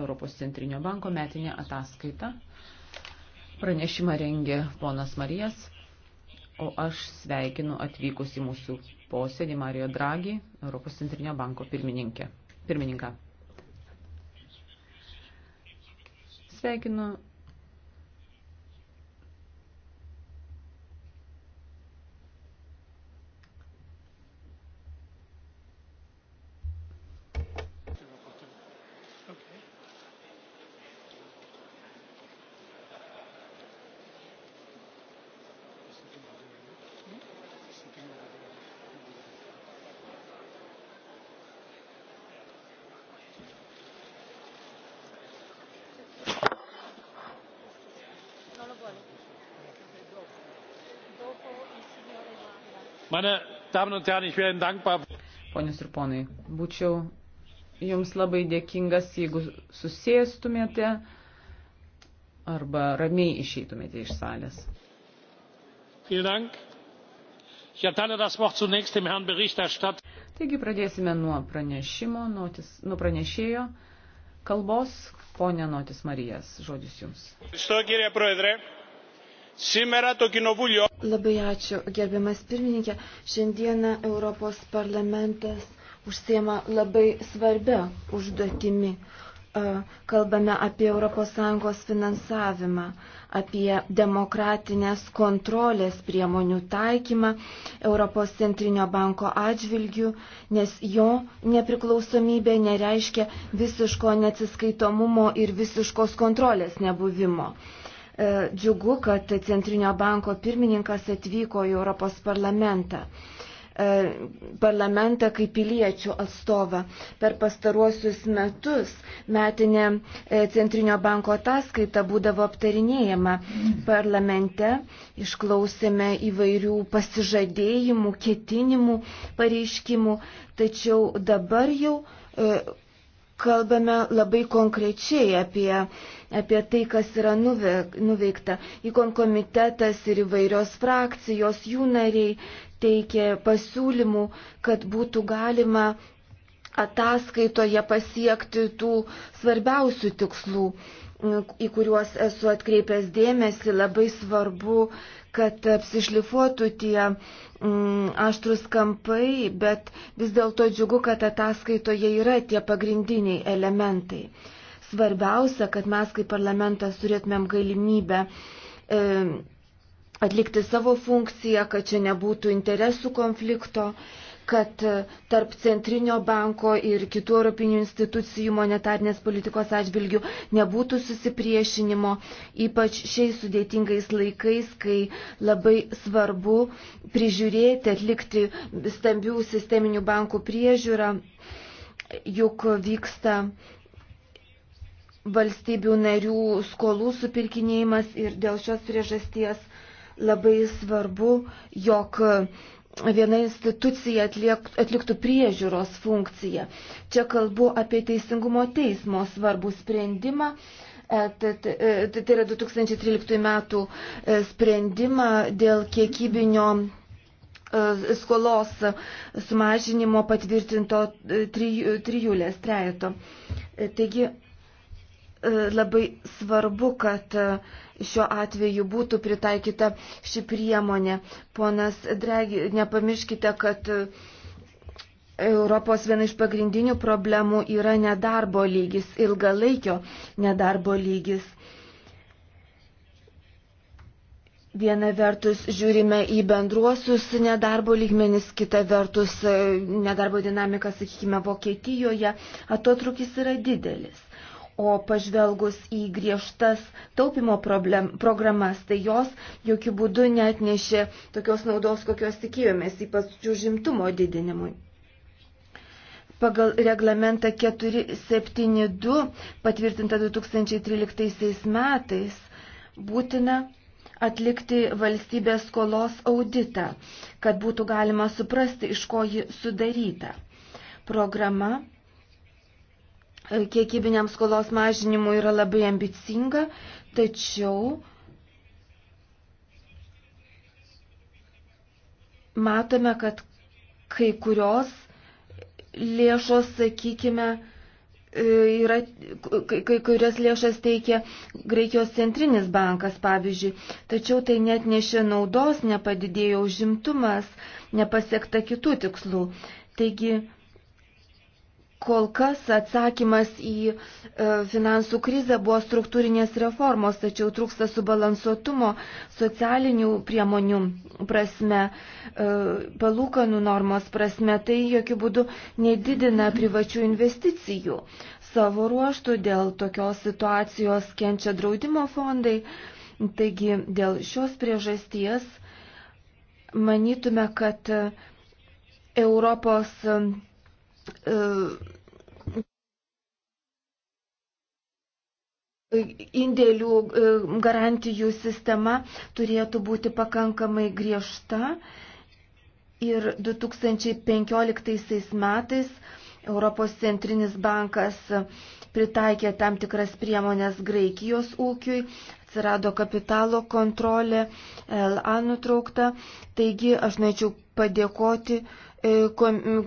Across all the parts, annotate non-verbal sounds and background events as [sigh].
Europos centrinio banko metinė ataskaita. Pranešimą rengė ponas Marijas, o aš sveikinu atvykus į mūsų posėdį Mario Draghi, Europos centrinio banko pirmininkę. Pirmininką. Sveikinu Ponius ir ponai, būčiau jums labai dėkingas, jeigu susėstumėte arba ramiai išeitumėte iš salės. Taigi pradėsime nuo pranešimo, notis, nuo pranešėjo kalbos, ponė Notis Marijas, žodis jums. Što, Σήμερα το Κοινοβούλιο. Labai ačiū, gerbiamas pirmininkė. Šiandieną Europos parlamentas užsiema labai svarbia užduotimi. Kalbame apie ES finansavimą, apie demokratinės kontrolės priemonių taikymą Europos centrinio banko atžvilgių, nes jo nepriklausomybė nereiškia visiško neatsiskaitomumo ir visiškos kontrolės nebuvimo. E, džiugu, kad Centrinio banko pirmininkas atvyko į Europos parlamentą e, parlamentą kaip piliečių atstovą. Per pastaruosius metus metinė e, Centrinio banko ataskaita būdavo aptarinėjama parlamente, išklausėme įvairių pasižadėjimų, ketinimų, pareiškimų, tačiau dabar jau kalbame labai konkrečiai apie, apie tai, kas yra nuveikta. Įkon komitetas ir įvairios frakcijos, jų nariai teikė pasiūlymų, kad būtų galima ataskaitoje pasiekti tų svarbiausių tikslų, į kuriuos esu atkreipęs dėmesį, labai svarbu uh, kad apsišlifuotų tie mm, aštrus kampai, bet vis dėlto džiugu, kad ataskaitoje yra tie pagrindiniai elementai. Svarbiausia, kad mes kaip parlamentas turėtumėm galimybę e, atlikti savo funkciją, kad čia nebūtų interesų konflikto. E, kad tarp Centrinio banko ir kitų europinių institucijų monetarnės politikos atžvilgių nebūtų susipriešinimo, ypač šiais sudėtingais laikais, kai labai svarbu prižiūrėti, atlikti stambių sisteminių bankų priežiūrą, juk vyksta valstybių narių skolų supirkinėjimas ir dėl šios priežasties labai svarbu, jog viena institucija atliek, atliktų priežiūros funkciją. Čia kalbu apie Teisingumo teismo svarbų sprendimą. E, e, tai yra 2013 metų e, sprendimą dėl kiekybinio skolos sumažinimo patvirtinto trijulės trejeto. Taigi, E, labai svarbu, kad e, šiuo atveju būtų pritaikyta ši priemonė. Ponas Dregi, nepamirškite, kad e, Europos viena iš pagrindinių problemų yra nedarbo lygis, ilgalaikio nedarbo lygis. Viena vertus žiūrime į bendruosius nedarbo lygmenis, kita vertus nedarbo dinamika, sakykime, Vokietijoje atotrukis yra didelis. O pažvelgus į griežtas taupimo problem, programas, tai jos jokių būdų net nešė tokios naudos, kokios tikėjomės, ypač užimtumo didinimui. Pagal reglamentą 472 patvirtintą 2013 metais būtina atlikti valstybės skolos auditą, kad būtų galima suprasti, iš ko ji sudaryta. Programa kiekybiniam skolos mažinimui yra labai ambicinga, tačiau matome, kad kai kurios lėšos, sakykime, e, yra, kai kurias lėšas teikia Graikijos centrinis bankas, pavyzdžiui. Tačiau tai net nešė naudos, nepadidėjo užimtumas, nepasiekta kitų tikslų. Taigi Kol kas atsakymas į e, finansų krizę buvo struktūrinės reformos, tačiau trūksta subalansuotumo socialinių priemonių prasme, e, palūkanų normos prasme, tai jokių būdų nedidina privačių investicijų. Savo ruoštų dėl tokios situacijos kenčia draudimo fondai, taigi dėl šios priežasties manytume, kad Europos E, indėlių e, garantijų sistema turėtų būti pakankamai griežta ir 2015 metais Europos centrinis bankas pritaikė tam tikras priemonės Graikijos ūkiui, atsirado kapitalo kontrolė, LA nutraukta. Taigi aš norėčiau padėkoti uh, E,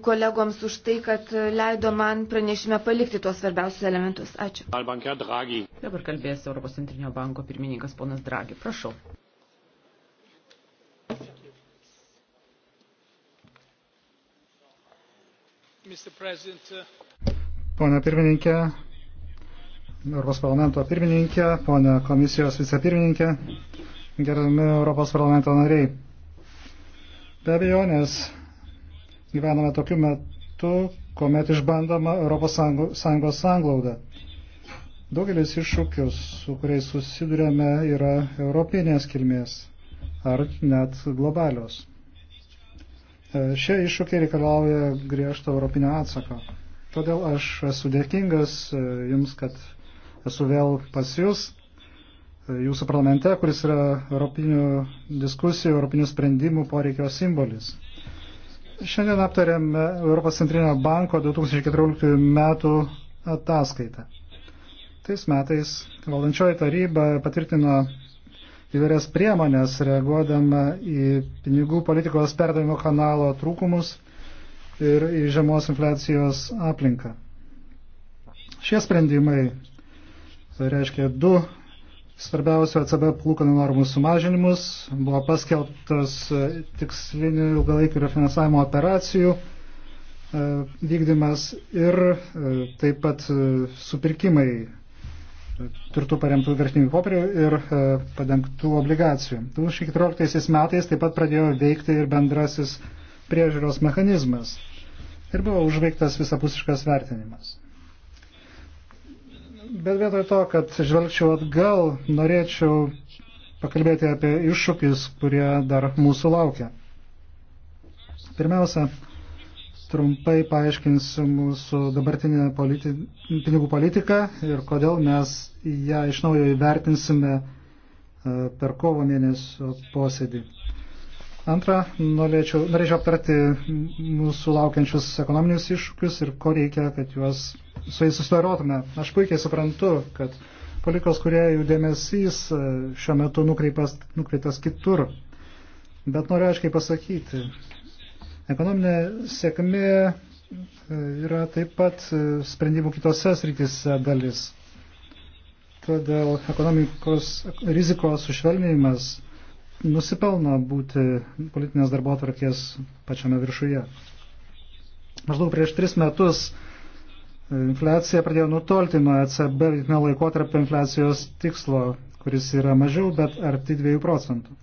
kolegoms už tai, kad leido man pranešime palikti tuos svarbiausius elementus. Ačiū. Dabar kalbės Europos centrinio banko pirmininkas ponas Dragi. Prašau. Uh, pone pirmininkė, Europos parlamento pirmininkė, pone komisijos vicepirmininkė, gerami Europos parlamento nariai. Be abejonės, gyvename tokiu metu, kuomet išbandoma ES sanglauda. Daugelis iššūkius, su kuriais susidurėme, yra europinės kilmės ar net globalios. E, šie iššūkiai reikalauja griežto europinio atsako. Todėl aš esu dėkingas e, jums, kad esu vėl pas jūs, e, jūsų parlamente, kuris yra europinių diskusijų, europinių sprendimų poreikio simbolis. Šiandien aptarėm Europos centrinio banko 2014 metų ataskaitą. Tais metais valdančioji taryba patvirtino įvairias priemonės reaguodama į pinigų politikos perdavimo kanalo trūkumus ir į žemos infliacijos aplinką. Šie sprendimai reiškia du svarbiausio ECB palūkanų normų sumažinimus, buvo paskelbtas e, tikslinių ilgalaikių refinansavimo operacijų e, vykdymas ir e, taip pat supirkimai turtų paremtų vertinių popierių ir padengtų obligacijų. 2014 metais taip pat pradėjo veikti ir bendrasis priežiūros mechanizmas ir buvo užveiktas visapusiškas vertinimas. Bet vietoj to, kad žvelgčiau atgal, norėčiau pakalbėti apie iššūkius, kurie dar mūsų laukia. Pirmiausia, trumpai paaiškinsiu mūsų dabartinę politi pinigų politiką ir kodėl mes ją iš naujo įvertinsime e, per kovo mėnesio posėdį. Antra, norėčiau, norėčiau aptarti mūsų laukiančius ekonominius iššūkius ir ko reikia, kad juos su jais susidarotume. Aš puikiai suprantu, kad politikos kuriejų dėmesys e, šiuo metu nukreiptas, nukreiptas kitur. Bet noriu aiškiai pasakyti, ekonominė sėkmė e, yra taip pat e, sprendimų kitose srityse dalis. Todėl ekonomikos rizikos sušvelnėjimas nusipelna būti politinės darbo atvarkės pačiame viršuje. Maždaug prieš tris metus e, infliacija pradėjo nutolti nuo ECB vidutinio laikotarpio infliacijos tikslo, kuris yra mažiau, bet arti 2 procentų.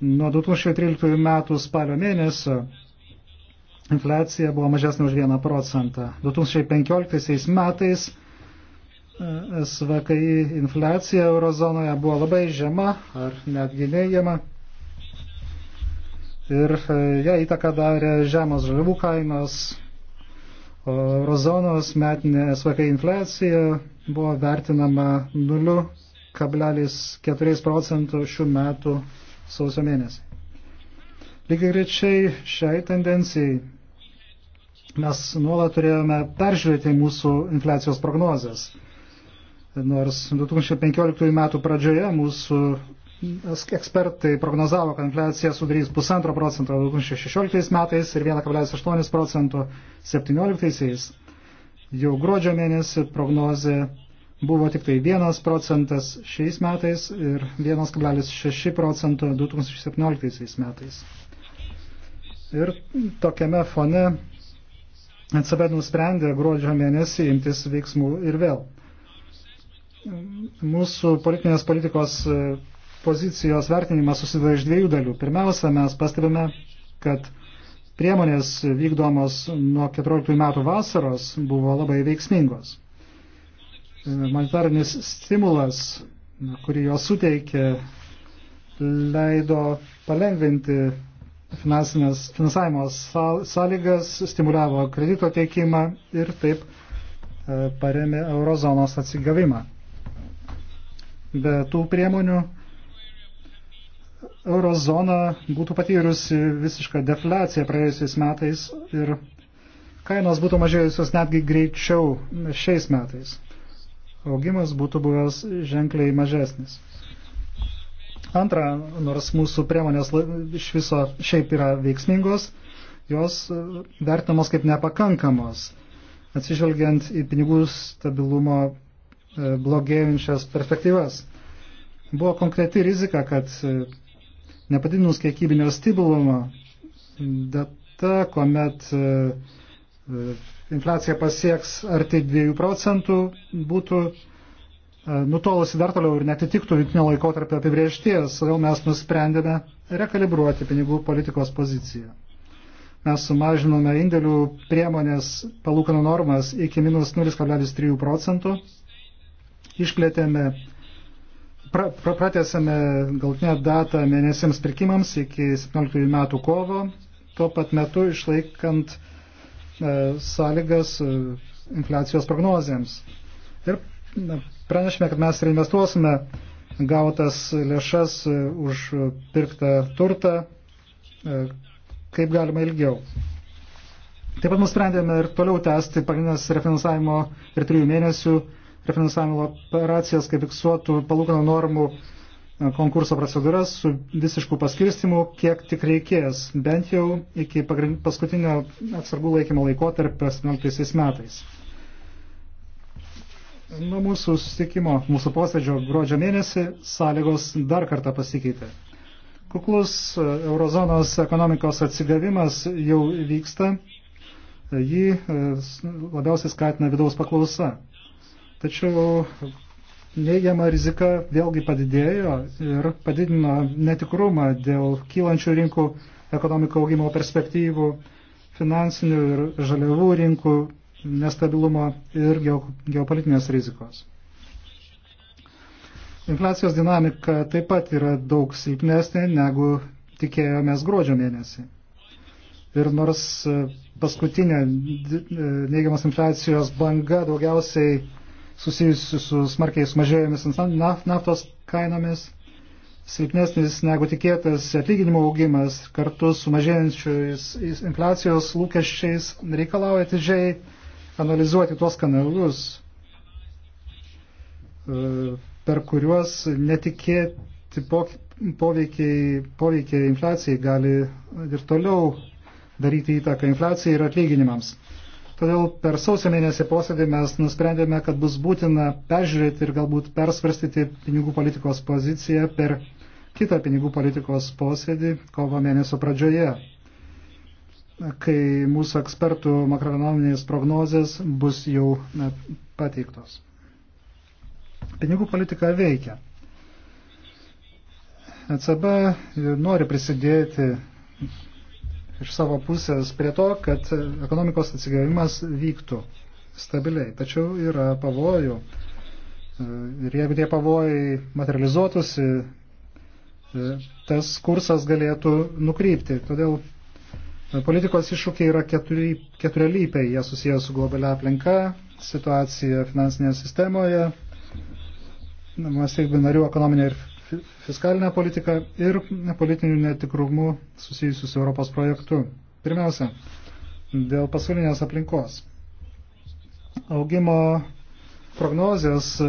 Nuo 2013 metų spalio mėnesio infliacija buvo mažesnė už 1 procentą. 2015 metais SVKI infliacija eurozonoje buvo labai žema ar netgi neigiama. Ir e, ją įtaką darė žemos žaliavų kainos, o eurozonos metinė SVKI infliacija buvo vertinama 0,4 procentų šių metų sausio mėnesį. Lygiai grečiai šiai tendencijai mes nuolat turėjome peržiūrėti mūsų infliacijos prognozes. Nors 2015 metų pradžioje mūsų ekspertai prognozavo, kad infliacija sudarys 1,5 procento 2016 metais ir 1,8 procento 2017. Jau gruodžio mėnesį prognozė buvo tik tai 1 procentas šiais metais ir 1,6 procento 2017 metais. Ir tokiame fone ECB nusprendė gruodžio mėnesį imtis veiksmų ir vėl mūsų politinės politikos e, pozicijos vertinimas susideda iš dviejų dalių. Pirmiausia, mes pastebime, kad priemonės vykdomos nuo 14 metų vasaros buvo labai veiksmingos. E, monetarinis stimulas, kurį jos suteikė, leido palengvinti finansavimo sąlygas, stimuliavo kredito teikimą ir taip e, paremė eurozonos atsigavimą. Be tų priemonių eurozona būtų patyrusi visišką defliaciją praėjusiais metais ir kainos būtų mažėjusios netgi greičiau šiais metais. Augimas būtų buvęs ženkliai mažesnis. Antra, nors mūsų priemonės iš viso šiaip yra veiksmingos, jos vertinamos kaip nepakankamos, atsižvelgiant į pinigų stabilumo E, blogėjančias perspektyvas. Buvo konkreti rizika, kad e, nepadidinus kiekybinio stabilumo data, kuomet e, infliacija pasieks arti 2 procentų, būtų nutolusi dar toliau ir netitiktų vidutinio laikotarpio apibriešties, todėl mes nusprendėme rekalibruoti pinigų politikos poziciją. Mes sumažinome indėlių priemonės palūkanų normas iki minus 0,3 procentų išplėtėme, pra, pratėsime galtinę datą mėnesiams pirkimams iki 17 metų kovo, tuo pat metu išlaikant e, sąlygas e, infliacijos prognozėms. Ir pranešime, kad mes reinvestuosime gautas lėšas e, už pirktą turtą e, kaip galima ilgiau. Taip pat nusprendėme ir toliau tęsti pagrindinės refinansavimo ir trijų mėnesių refinansavimo operacijas kaip fiksuotų palūkanų normų e, konkurso procedūras su visišku paskirstimu, kiek tik reikės, bent jau iki paskutinio atsargų laikymo laikotarpio 17 metais. Nuo mūsų susitikimo, mūsų posėdžio gruodžio mėnesį sąlygos dar kartą pasikeitė. Kuklus e, eurozonos ekonomikos atsigavimas jau vyksta, jį e, labiausiai skatina vidaus paklausa. Tačiau neigiama rizika vėlgi padidėjo ir padidino netikrumą dėl kylančių rinkų ekonomiko augimo perspektyvų, finansinių ir žaliavų rinkų nestabilumo ir geopolitinės rizikos. Infliacijos dinamika taip pat yra daug silpnesnė negu tikėjomės gruodžio mėnesį. Ir nors paskutinė e, neigiamas infliacijos banga daugiausiai susijusių su smarkiai sumažėjomis naftos kainomis, silpnesnis negu tikėtas atlyginimų augimas kartu su mažėjančiais infliacijos lūkesčiais reikalauja atidžiai analizuoti tuos kanalus, e, per kuriuos netikėti poveikiai, poveikiai infliacijai gali ir toliau daryti įtaką infliacijai ir atlyginimams. Todėl per sausio mėnesį posėdį mes nusprendėme, kad bus būtina peržiūrėti ir galbūt persvarstyti pinigų politikos poziciją per kitą pinigų politikos posėdį kovo mėnesio pradžioje, kai mūsų ekspertų makroekonominės prognozės bus jau pateiktos. Pinigų politika veikia. ECB nori prisidėti iš savo pusės prie to, kad ekonomikos atsigavimas vyktų stabiliai. Tačiau yra pavojų. Ir jeigu tie pavojai materializuotųsi, tas kursas galėtų nukrypti. Todėl politikos iššūkiai yra keturi, keturialypiai. Jie susijęs su globalia aplinka, situacija finansinėje sistemoje, valstybių narių ekonominė ir fiskalinę politiką ir politinių netikrumų susijusius su Europos projektu. Pirmiausia, dėl pasaulinės aplinkos. Augimo prognozijas e,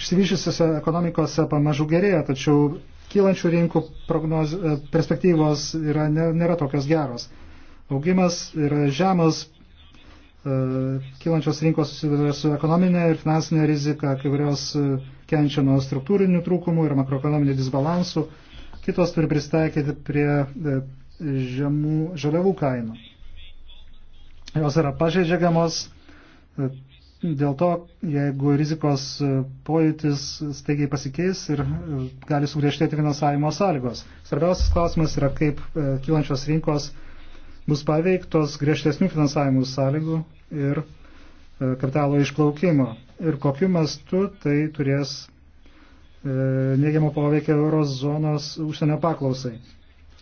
išsivyščiusiose ekonomikose pamažu gerėja, tačiau kylančių rinkų prognoz, e, perspektyvos yra, nėra tokios geros. Augimas yra žemas, e, kylančios rinkos susiduria su ekonominė ir finansinė rizika, kai kurios kenčia nuo struktūrinių trūkumų ir makroekonominių disbalansų, kitos turi pristaikyti prie e, žemų žaliavų kainų. Jos yra pažeidžiamos e, dėl to, jeigu rizikos e, pojūtis staigiai pasikeis ir gali sugriežtėti finansavimo sąlygos. Svarbiausias klausimas yra, kaip kylančios rinkos bus paveiktos griežtesnių finansavimų sąlygų ir kapitalo išplaukimo ir kokiu mastu tai turės e, neigiamą poveikį eurozonos užsienio paklausai.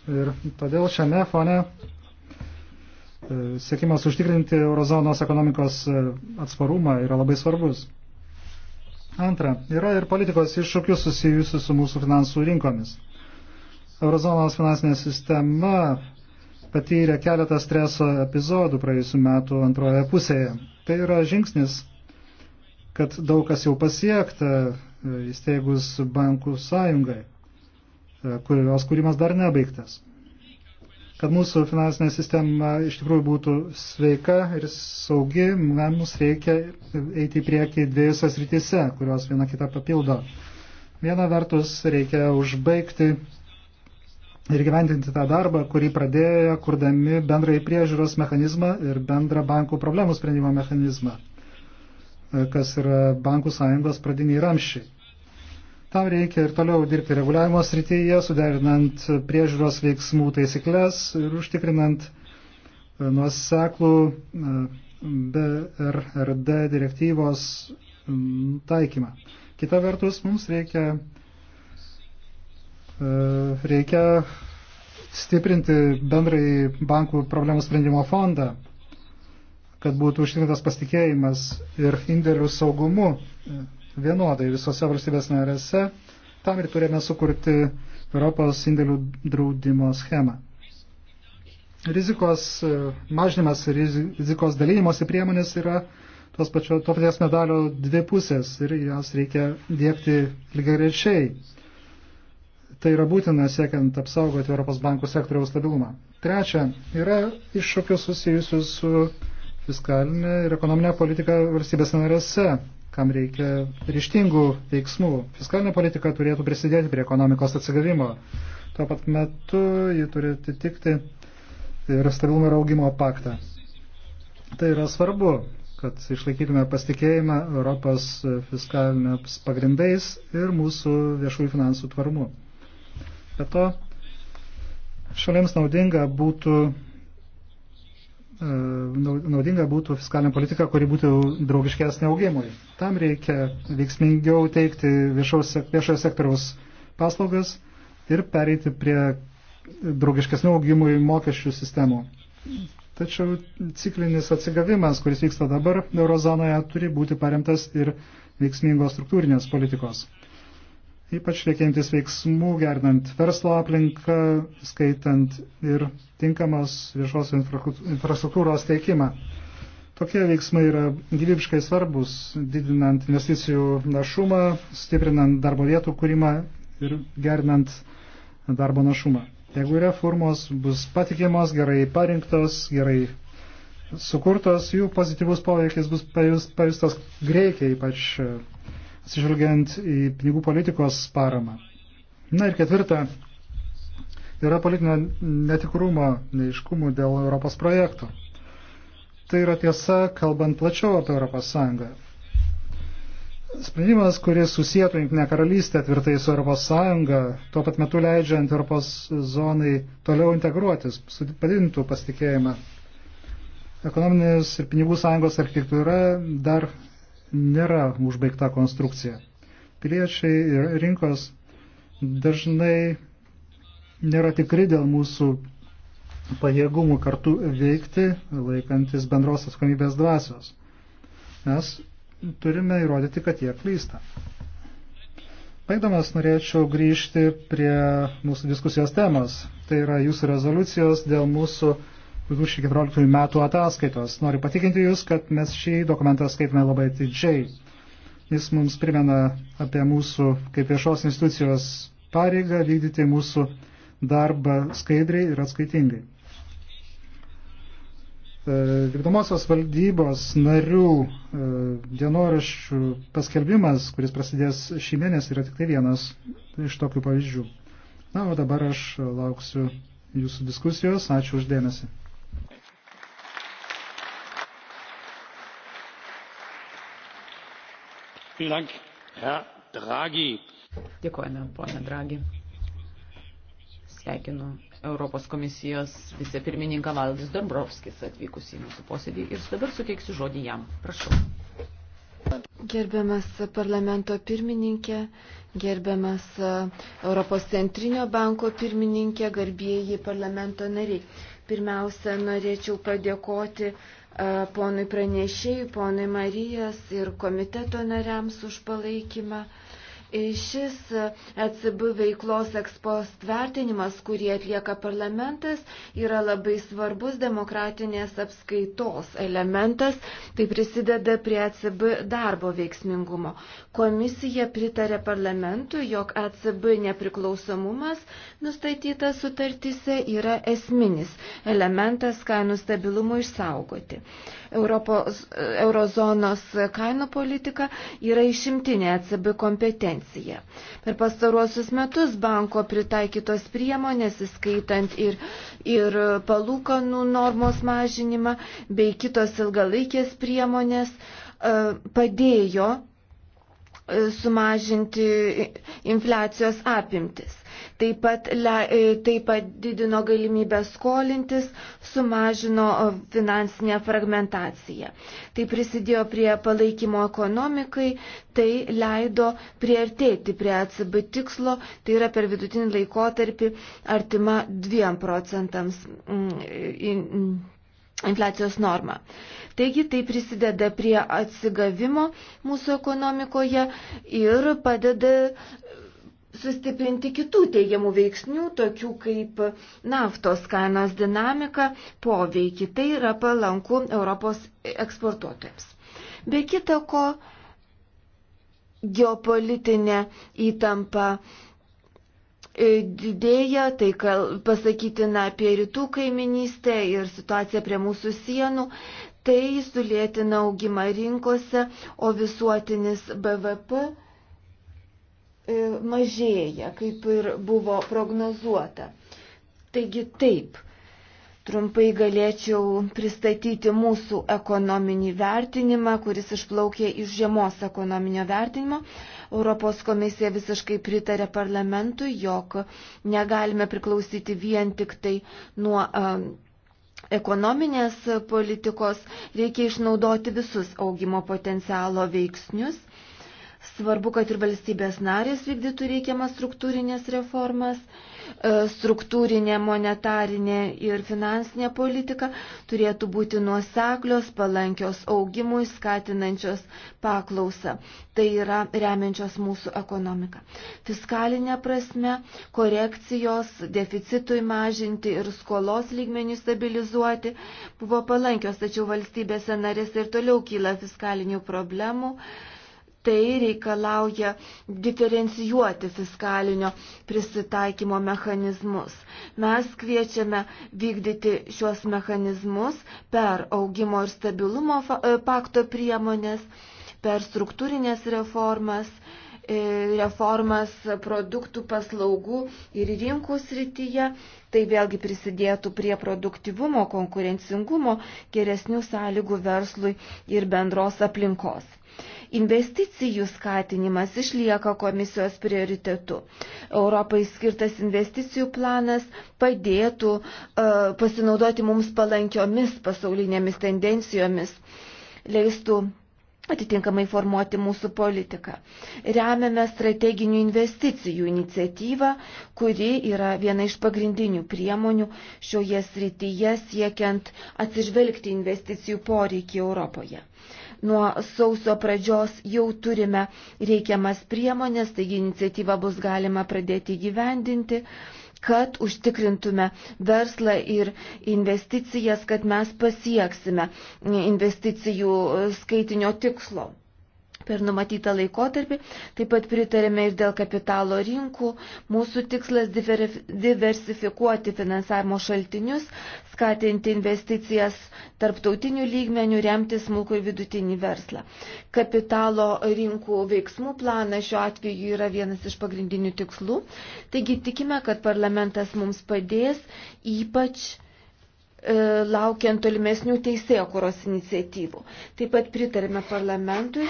Ir todėl šiame fone e, siekimas užtikrinti eurozonos ekonomikos e, atsparumą yra labai svarbus. Antra, yra ir politikos iššūkių susijusių su mūsų finansų rinkomis. Eurozonos finansinė sistema patyrė keletą streso epizodų praėjusiu metu antroje pusėje. Tai yra žingsnis kad daug kas jau pasiekta e, įsteigus bankų sąjungai, e, kurios kūrimas dar nebaigtas. Kad mūsų finansinė sistema iš tikrųjų būtų sveika ir saugi, mums reikia eiti į priekį dviejose srityse, kurios viena kitą papildo. Viena vertus reikia užbaigti ir gyventinti tą darbą, kurį pradėjo, kurdami bendrai priežiūros mechanizmą ir bendrą bankų problemų sprendimo mechanizmą. E, kas yra bankų sąjungos pradiniai ramščiai. Tam reikia ir toliau dirbti reguliavimo srityje, suderinant priežiūros veiksmų taisyklės ir užtikrinant e, nuoseklų e, BRRD direktyvos taikymą. Kita vertus, mums reikia, reikia stiprinti bendrai bankų problemų sprendimo fondą kad būtų užtikrintas pasitikėjimas ir indėlių saugumu e, vienodai visose valstybės narėse. Tam ir turėjome sukurti Europos indėlių draudimo schemą. Rizikos e, mažinimas ir rizikos dalymosi priemonės yra tos pačio, to paties medalio dvi pusės ir jas reikia dėkti lygiai greičiai. Tai yra būtina siekiant apsaugoti Europos bankų sektoriaus stabilumą. Trečia, yra iššūkių susijusių su fiskalinė ir ekonominė politika valstybės narėse, kam reikia ryštingų veiksmų. Fiskalinė politika turėtų prisidėti prie ekonomikos atsigavimo. Tuo pat metu ji turi atitikti ir stabilumo ir augimo paktą. Tai yra svarbu, kad išlaikytume pasitikėjimą Europos fiskalinės pagrindais ir mūsų viešųjų finansų tvarumu. Be to, šalims naudinga būtų E, naudinga būtų fiskalinė politika, kuri būtų draugiškesnė augimui. Tam reikia veiksmingiau teikti viešos, viešojo sektoriaus paslaugas ir pereiti prie draugiškesnių augimui mokesčių sistemų. Tačiau ciklinis atsigavimas, kuris vyksta dabar eurozonoje, turi būti paremtas ir veiksmingos struktūrinės politikos. Ypač reikiantis veiksmų, gernant verslo aplinką, skaitant ir tinkamos viešos infrastruktūros teikimą. Tokie veiksmai yra gyvybiškai svarbus, didinant investicijų našumą, stiprinant darbo vietų kūrimą ir gernant darbo našumą. Jeigu reformos bus patikimos, gerai parinktos, gerai sukurtos, jų pozityvus poveikis bus pajustas greikiai, ypač atsižvelgiant į pinigų politikos paramą. Na ir ketvirta, yra politinio netikrumo, neiškumų dėl Europos projektų. Tai yra tiesa, kalbant plačiau apie Europos Sąjungą. Sprendimas, kuris susijėtų Junktinę karalystę tvirtai su Europos Sąjunga, tuo pat metu leidžiant Europos zonai toliau integruotis, padidintų pasitikėjimą. Ekonominės ir pinigų sąjungos architektūra dar nėra užbaigta konstrukcija. Piliečiai ir rinkos dažnai nėra tikri dėl mūsų pajėgumų kartu veikti, laikantis bendros atsakomybės dvasios. Mes turime įrodyti, kad jie klysta. Baigdamas norėčiau grįžti prie mūsų diskusijos temos. Tai yra jūsų rezoliucijos dėl mūsų 2014 metų ataskaitos. Noriu patikinti Jūs, kad mes šį dokumentą skaitome labai didžiai. Jis mums primena apie mūsų kaip viešos institucijos pareigą vykdyti mūsų darbą skaidriai ir atskaitingai. E, vykdomosios valdybos narių e, dienoraščių paskelbimas, kuris prasidės šį mėnesį, yra tik tai vienas iš tokių pavyzdžių. Na, o dabar aš lauksiu jūsų diskusijos. Ačiū uždėmesi. Dėkojame, ponė Dragi. Sveikinu Europos komisijos vicepirmininką Valdis Dombrovskis atvykus į mūsų posėdį ir dabar suteiksiu žodį jam. Prašau. Gerbiamas parlamento pirmininkė, gerbiamas e, Europos centrinio banko pirmininkė, garbėjai parlamento nariai. Pirmiausia, norėčiau padėkoti e, ponui pranešėjui, ponui Marijas ir komiteto nariams už palaikymą. E, šis ECB e veiklos ekspost vertinimas, kurį atlieka parlamentas, yra labai svarbus demokratinės apskaitos elementas, tai prisideda prie ECB darbo veiksmingumo. Komisija pritarė parlamentui, jog ECB nepriklausomumas nustatytas sutartyse yra esminis elementas kainų stabilumui išsaugoti. Europos, e, eurozonos kainų politika yra išimtinė ECB kompetencija konkurenciją. Per pastaruosius metus banko pritaikytos priemonės, įskaitant ir, ir palūkanų normos mažinimą bei kitos ilgalaikės priemonės, e, padėjo sumažinti infliacijos apimtis. Taip pat, e, taip pat didino galimybę skolintis, sumažino finansinę fragmentaciją. Tai prisidėjo prie palaikymo ekonomikai, tai leido priartėti prie ACB tikslo, tai yra per vidutinį laikotarpį artima 2 procentams mm, infliacijos normą. Taigi tai prisideda prie atsigavimo mūsų ekonomikoje ir padeda sustiprinti kitų teigiamų veiksnių, tokių kaip naftos kainos dinamika, poveikį. Tai yra palanku Europos eksportuotojams. Be kita ko, geopolitinė įtampa E, didėja, tai pasakytina apie rytų kaiminystę ir situaciją prie mūsų sienų, tai sulėtina augimą rinkose, o visuotinis BVP e, mažėja, kaip ir buvo prognozuota. Taigi taip, trumpai galėčiau pristatyti mūsų ekonominį vertinimą, kuris išplaukė iš žiemos ekonominio vertinimo. Europos komisija visiškai pritarė parlamentui, jog negalime priklausyti vien tik tai nuo ekonominės politikos, reikia išnaudoti visus augimo potencialo veiksnius. Svarbu, kad ir valstybės narės vykdytų reikiamas struktūrinės reformas E, struktūrinė, monetarinė ir finansinė politika turėtų būti nuoseklios, palankios augimui, skatinančios paklausą. Tai yra remiančios mūsų ekonomiką. Fiskalinė prasme, korekcijos, deficitui mažinti ir skolos lygmenį stabilizuoti buvo palankios, tačiau valstybėse narėse ir toliau kyla fiskalinių problemų tai reikalauja diferencijuoti fiskalinio prisitaikymo mechanizmus. Mes kviečiame vykdyti šiuos mechanizmus per augimo ir stabilumo e, pakto priemonės, per struktūrinės reformas e, reformas produktų, paslaugų ir rinkų srityje. Tai vėlgi prisidėtų prie produktivumo, konkurencingumo, geresnių sąlygų verslui ir bendros aplinkos. Investicijų skatinimas išlieka komisijos prioritetu. Europai skirtas investicijų planas padėtų uh, pasinaudoti mums palankiomis pasaulinėmis tendencijomis, leistų atitinkamai formuoti mūsų politiką. Remiame strateginių investicijų iniciatyvą, kuri yra viena iš pagrindinių priemonių šioje srityje siekiant atsižvelgti investicijų poreikį Europoje. Nuo sausio pradžios jau turime reikiamas priemonės, taigi iniciatyvą bus galima pradėti gyvendinti kad užtikrintume verslą ir investicijas, kad mes pasieksime investicijų skaitinio tikslo per numatytą laikotarpį, taip pat pritarėme ir dėl kapitalo rinkų. Mūsų tikslas diversifikuoti finansavimo šaltinius, skatinti investicijas tarptautinių lygmenių, remti smulkų ir vidutinį verslą. Kapitalo rinkų veiksmų planas šiuo atveju yra vienas iš pagrindinių tikslų. Taigi tikime, kad parlamentas mums padės, ypač e, laukiant tolimesnių teisėjų kuros iniciatyvų. Taip pat pritarėme parlamentui,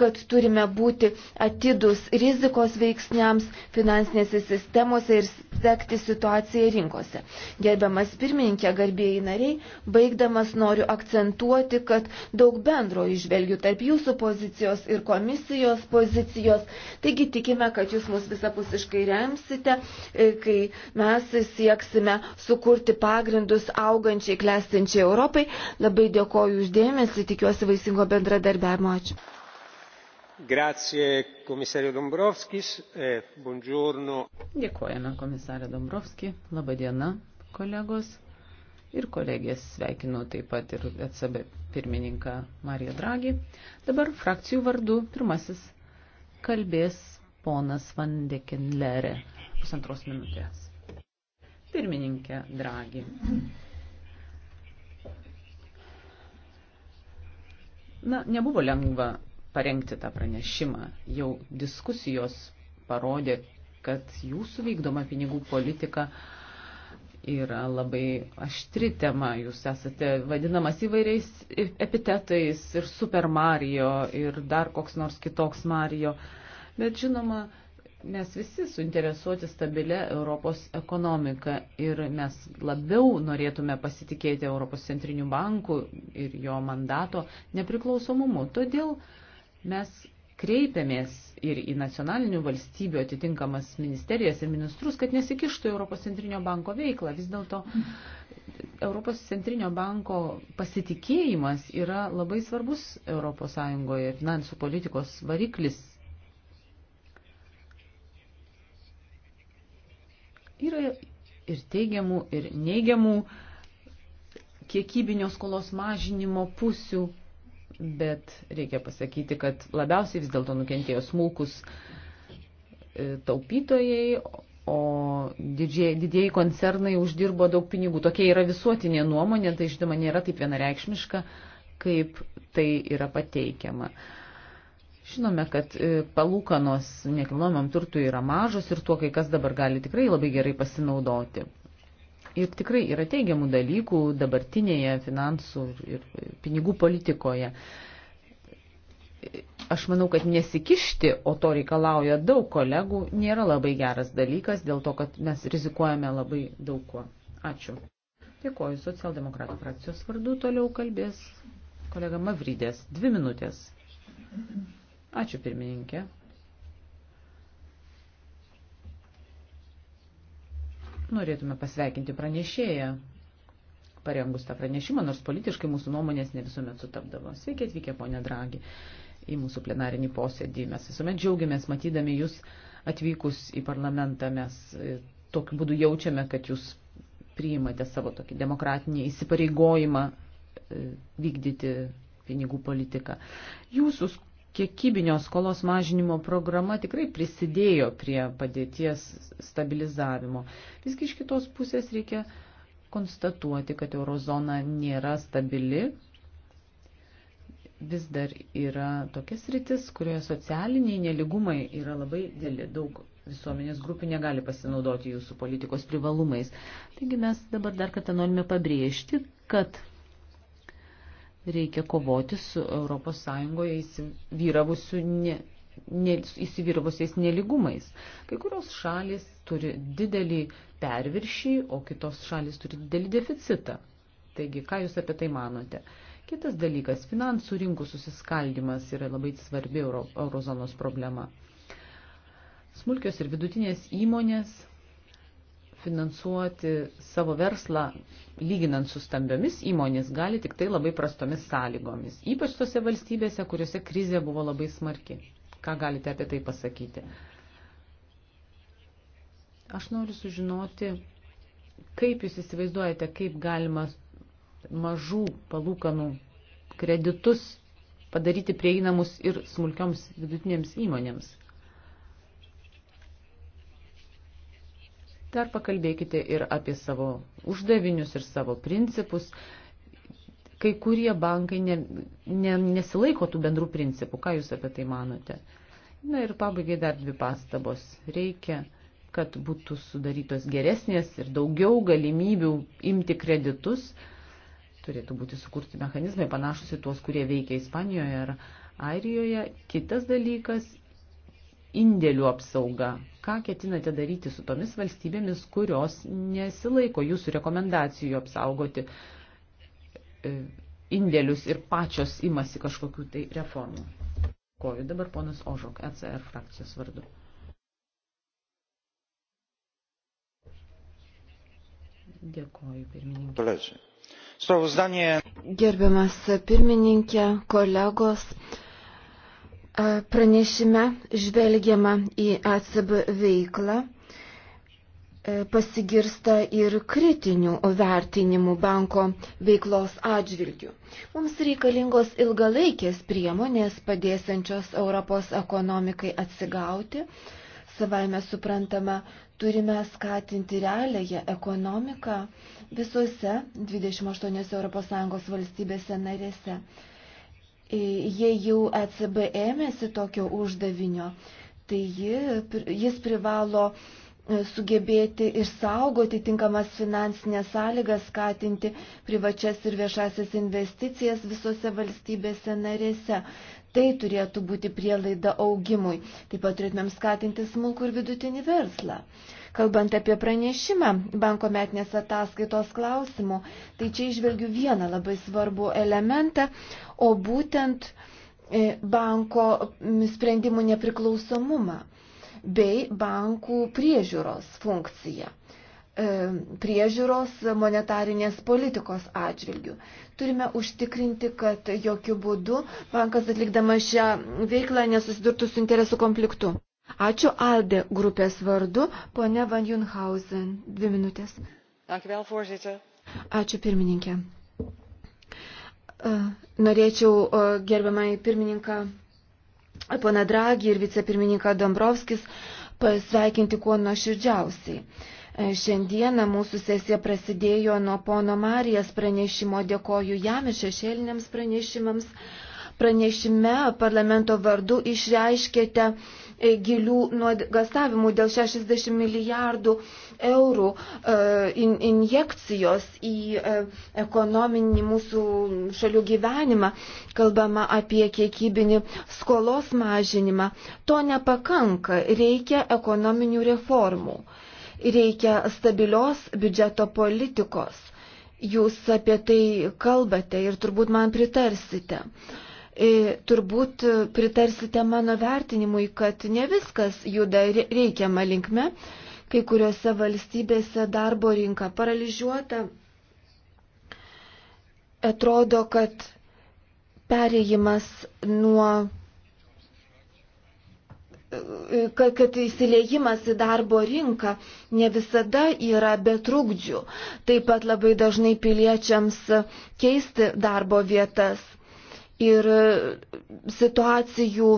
kad turime būti atidus rizikos veiksniams finansinėse sistemose ir sekti situaciją rinkose. Gerbiamas pirmininkė, garbėjai nariai, baigdamas noriu akcentuoti, kad daug bendro išvelgiu tarp jūsų pozicijos ir komisijos pozicijos. Taigi tikime, kad jūs mus visapusiškai remsite, e, kai mes sieksime sukurti pagrindus augančiai klestinčiai Europai. Labai dėkoju uždėmesi, tikiuosi vaisingo bendradarbiavimo. Ačiū. Grazie, komisarė Dombrovskis. E, buongiorno. Dėkojame, komisarė Dombrovski. Labadiena, kolegos ir kolegės sveikinu taip pat ir ECB pirmininką Mariją Dragį. Dabar frakcijų vardu pirmasis kalbės ponas Van Dekenlere. Pusantros minutės. Pirmininkė Dragį. Na, nebuvo lengva parengti tą pranešimą. Jau diskusijos parodė, kad jūsų vykdoma pinigų politika yra labai aštri tema. Jūs esate vadinamas įvairiais epitetais ir Super Mario ir dar koks nors kitoks Mario. Bet žinoma, mes visi suinteresuoti stabilę Europos ekonomiką ir mes labiau norėtume pasitikėti Europos centrinių bankų ir jo mandato nepriklausomumu. Todėl Mes kreipiamės ir į nacionalinių valstybių atitinkamas ministerijas ir ministrus, kad nesikištų Europos centrinio banko veiklą. Vis dėlto Europos centrinio banko pasitikėjimas yra labai svarbus ES finansų politikos variklis. Yra ir teigiamų, ir neigiamų kiekybinio skolos mažinimo pusių bet reikia pasakyti, kad labiausiai vis dėlto nukentėjo smulkus e, taupytojai, o didžiai, didieji koncernai uždirbo daug pinigų. Tokia yra visuotinė nuomonė, tai žinoma nėra taip vienareikšmiška, kaip tai yra pateikiama. Žinome, kad e, palūkanos nekilnojamam turtui yra mažos ir tuo kai kas dabar gali tikrai labai gerai pasinaudoti. Juk tikrai yra teigiamų dalykų dabartinėje finansų ir pinigų politikoje. Aš manau, kad nesikišti, o to reikalauja daug kolegų, nėra labai geras dalykas, dėl to, kad mes rizikuojame labai daug kuo. Ačiū. Dėkuoju socialdemokratų frakcijos vardu. Toliau kalbės kolega Mavrydės. Dvi minutės. Ačiū pirmininkė. norėtume pasveikinti pranešėją, parengus tą pranešimą, nors politiškai mūsų nuomonės ne visuomet sutapdavo. Sveiki atvykę, ponė Dragi, į mūsų plenarinį posėdį. Mes visuomet džiaugiamės matydami jūs atvykus į parlamentą. Mes e, tokiu būdu jaučiame, kad jūs priimate savo tokį demokratinį įsipareigojimą e, vykdyti pinigų politiką. Jūsų kiekybinio skolos mažinimo programa tikrai prisidėjo prie padėties stabilizavimo. Visgi iš kitos pusės reikia konstatuoti, kad eurozona nėra stabili. Vis dar yra tokias rytis, kurioje socialiniai neligumai yra labai dėli, daug visuomenės grupių negali pasinaudoti jūsų politikos privalumais. Taigi mes dabar dar kartą norime pabrėžti, kad reikia kovoti su ES įsivyravusiu ne, ne, įsivyravusiais neligumais. Kai kurios šalis turi didelį perviršį, o kitos šalis turi didelį deficitą. Taigi, ką Jūs apie tai manote? Kitas dalykas - finansų rinkų susiskaldimas yra labai svarbi euro, eurozonos problema. Smulkios ir vidutinės įmonės finansuoti savo verslą lyginant su stambiomis įmonės, gali tik tai labai prastomis sąlygomis, ypač tose valstybėse, kuriuose krizė buvo labai smarki. Ką galite apie tai pasakyti? Aš noriu sužinoti, kaip jūs įsivaizduojate, kaip galima mažų palūkanų kreditus padaryti prieinamus ir smulkioms vidutinėms įmonėms. Dar pakalbėkite ir apie savo uždavinius ir savo principus. Kai kurie bankai ne, ne, nesilaiko tų bendrų principų. Ką Jūs apie tai manote? Na ir pabaigai dar dvi pastabos. Reikia, kad būtų sudarytos geresnės ir daugiau galimybių imti kreditus. Turėtų būti sukurti mechanizmai panašus į tuos, kurie veikia Ispanijoje ar Airijoje. Kitas dalykas indėlių apsauga. Ką ketinate daryti su tomis valstybėmis, kurios nesilaiko jūsų rekomendacijų apsaugoti e, indėlius ir pačios imasi kažkokių tai reformų? Koju dabar ponas Ožok, ECR frakcijos vardu. Dėkoju, pirmininkė. Gerbiamas pirmininkė, kolegos, Pranešime žvelgiama į ECB veiklą, e, pasigirsta ir kritinių vertinimų banko veiklos atžvilgių. Mums reikalingos ilgalaikės priemonės padėsiančios Europos ekonomikai atsigauti. Savaime suprantama, turime skatinti realiąją ekonomiką visose 28 ES valstybėse narėse. E, jei jau ECB ėmėsi tokio uždavinio, tai jis privalo e, sugebėti išsaugoti tinkamas finansinės sąlygas, skatinti privačias ir viešasias investicijas visose valstybėse narėse. Tai turėtų būti prielaida augimui. Taip pat turėtumėm skatinti smulkų ir vidutinį verslą. Kalbant apie pranešimą banko metinės ataskaitos klausimų, tai čia išvelgiu vieną labai svarbų elementą, o būtent e, banko sprendimų nepriklausomumą bei bankų priežiūros funkciją. E, priežiūros monetarinės politikos atžvilgių. Turime užtikrinti, kad jokių būdų bankas atlikdama šią veiklą nesusidurtų su interesų konfliktu. Ačiū Alde grupės vardu, ponė Van Junhausen. Dvi minutės. Ačiū pirmininkė. E, norėčiau e, gerbiamai pirmininką poną Dragį ir vicepirmininką Dombrovskis pasveikinti kuo nuoširdžiausiai. E, šiandieną mūsų sesija prasidėjo nuo pono Marijas pranešimo. Dėkoju jam ir šešėliniams pranešimams. Pranešime parlamento vardu išreiškėte e, gilių nuogastavimų dėl 60 milijardų eurų e, injekcijos į ekonominį mūsų šalių gyvenimą. Kalbama apie kiekybinį skolos mažinimą. To nepakanka, reikia ekonominių reformų. Reikia stabilios biudžeto politikos. Jūs apie tai kalbate ir turbūt man pritarsite. E, turbūt pritarsite mano vertinimui, kad ne viskas juda reikiamą linkme. Kai kuriuose valstybėse darbo rinka paralyžiuota. Atrodo, kad perėjimas nuo kad, kad įsileimas į darbo rinką ne visada yra be trukdžių. Taip pat labai dažnai piliečiams keisti darbo vietas ir situacijų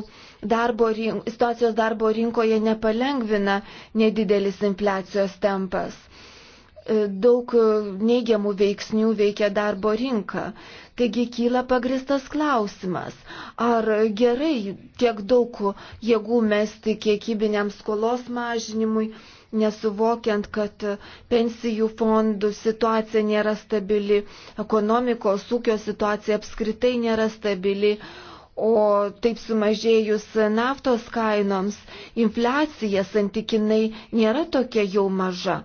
darbo rink, situacijos darbo rinkoje nepalengvina nedidelis infliacijos tempas. E, daug e, neigiamų veiksnių veikia darbo rinka. Taigi kyla pagristas klausimas, ar gerai tiek daug jėgų mesti kiekybiniam skolos mažinimui, nesuvokiant, kad pensijų fondų situacija nėra stabili, ekonomikos ūkio situacija apskritai nėra stabili. O taip sumažėjus naftos kainoms, infliacija santykinai nėra tokia jau maža.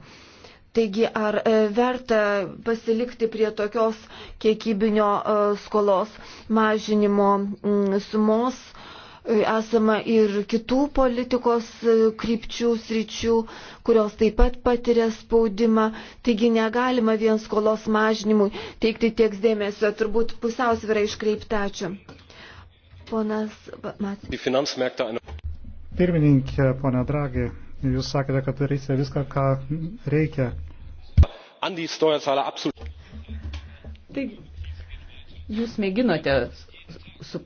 Taigi, ar e, verta pasilikti prie tokios kiekybinio e, skolos mažinimo mm, sumos? E, esama ir kitų politikos krypčių, sričių, kurios taip pat patiria spaudimą. Taigi negalima vien skolos mažinimui teikti tiek dėmesio, turbūt pusiausvyrą iškreipta. Ačiū. Ponas Mats. Pirmininkė, ponia Dragi, Jūs sakėte, kad darysite viską, ką reikia. Tai jūs mėginote su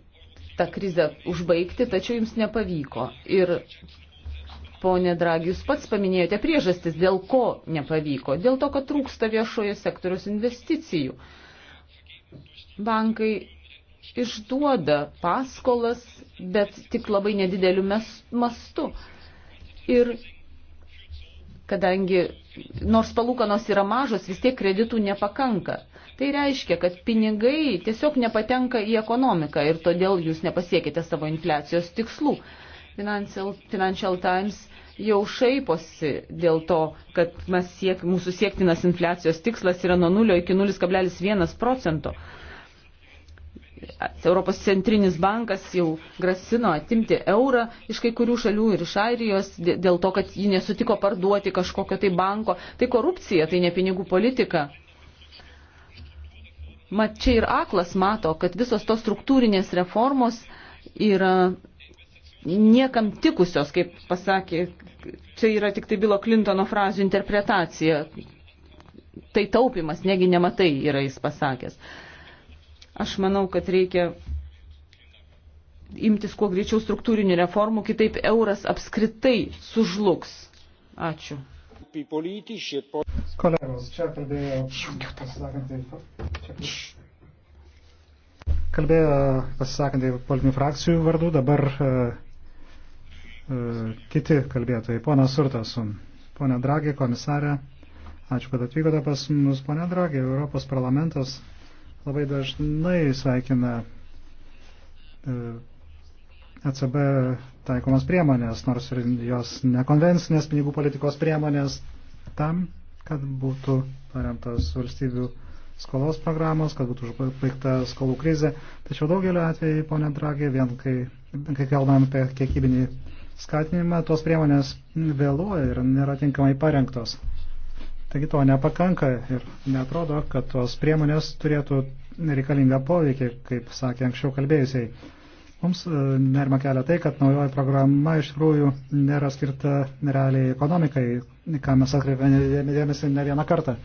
tą krizę užbaigti, tačiau jums nepavyko. Ir ponė Dragi, jūs pats paminėjote priežastis, dėl ko nepavyko. Dėl to, kad trūksta viešojo sektoriaus investicijų. Bankai išduoda paskolas, bet tik labai nedideliu mes, mastu. Ir kadangi nors palūkanos yra mažos, vis tiek kreditų nepakanka. Tai reiškia, kad pinigai tiesiog nepatenka į ekonomiką ir todėl jūs nepasiekite savo infliacijos tikslų. Financial, Financial Times jau šaiposi dėl to, kad siek, mūsų siektinas infliacijos tikslas yra nuo 0 iki 0,1 procento. Europos centrinis bankas jau grasino atimti eurą iš kai kurių šalių ir iš Airijos dėl to, kad ji nesutiko parduoti kažkokio tai banko. Tai korupcija, tai ne pinigų politika. Mat čia ir aklas mato, kad visos tos struktūrinės reformos yra niekam tikusios, kaip pasakė, čia yra tik tai Bilo Klintono frazių interpretacija. Tai taupimas, negi nematai, yra jis pasakęs. Aš manau, kad reikia imtis kuo greičiau struktūrinių reformų, kitaip euras apskritai sužlugs. Ačiū. Kolegos, čia kalbėjo, kalbėjo pasisakantį politinių frakcijų vardų, dabar e, e, kiti kalbėtojai. Pona Surtas, pone Dragi, komisarė, ačiū, kad atvykote pas mus, pone Dragi, Europos parlamentas labai dažnai sveikina ECB e taikomas priemonės, nors ir jos nekonvencinės pinigų politikos priemonės tam, kad būtų paremtas valstybių skolos programos, kad būtų užbaigta skolų krizė. Tačiau daugeliu atveju, ponė Dragė, vien kai, kai kalbame apie kiekybinį skatinimą, tos priemonės vėluoja ir nėra tinkamai parengtos. Taigi to nepakanka ir netrodo, kad tos priemonės turėtų reikalingą poveikį, kaip sakė anksčiau kalbėjusiai. Mums e, nerima kelia tai, kad naujoji programa iš tikrųjų nėra skirta realiai ekonomikai, ką mes atkreipėme dėmesį ne vieną kartą.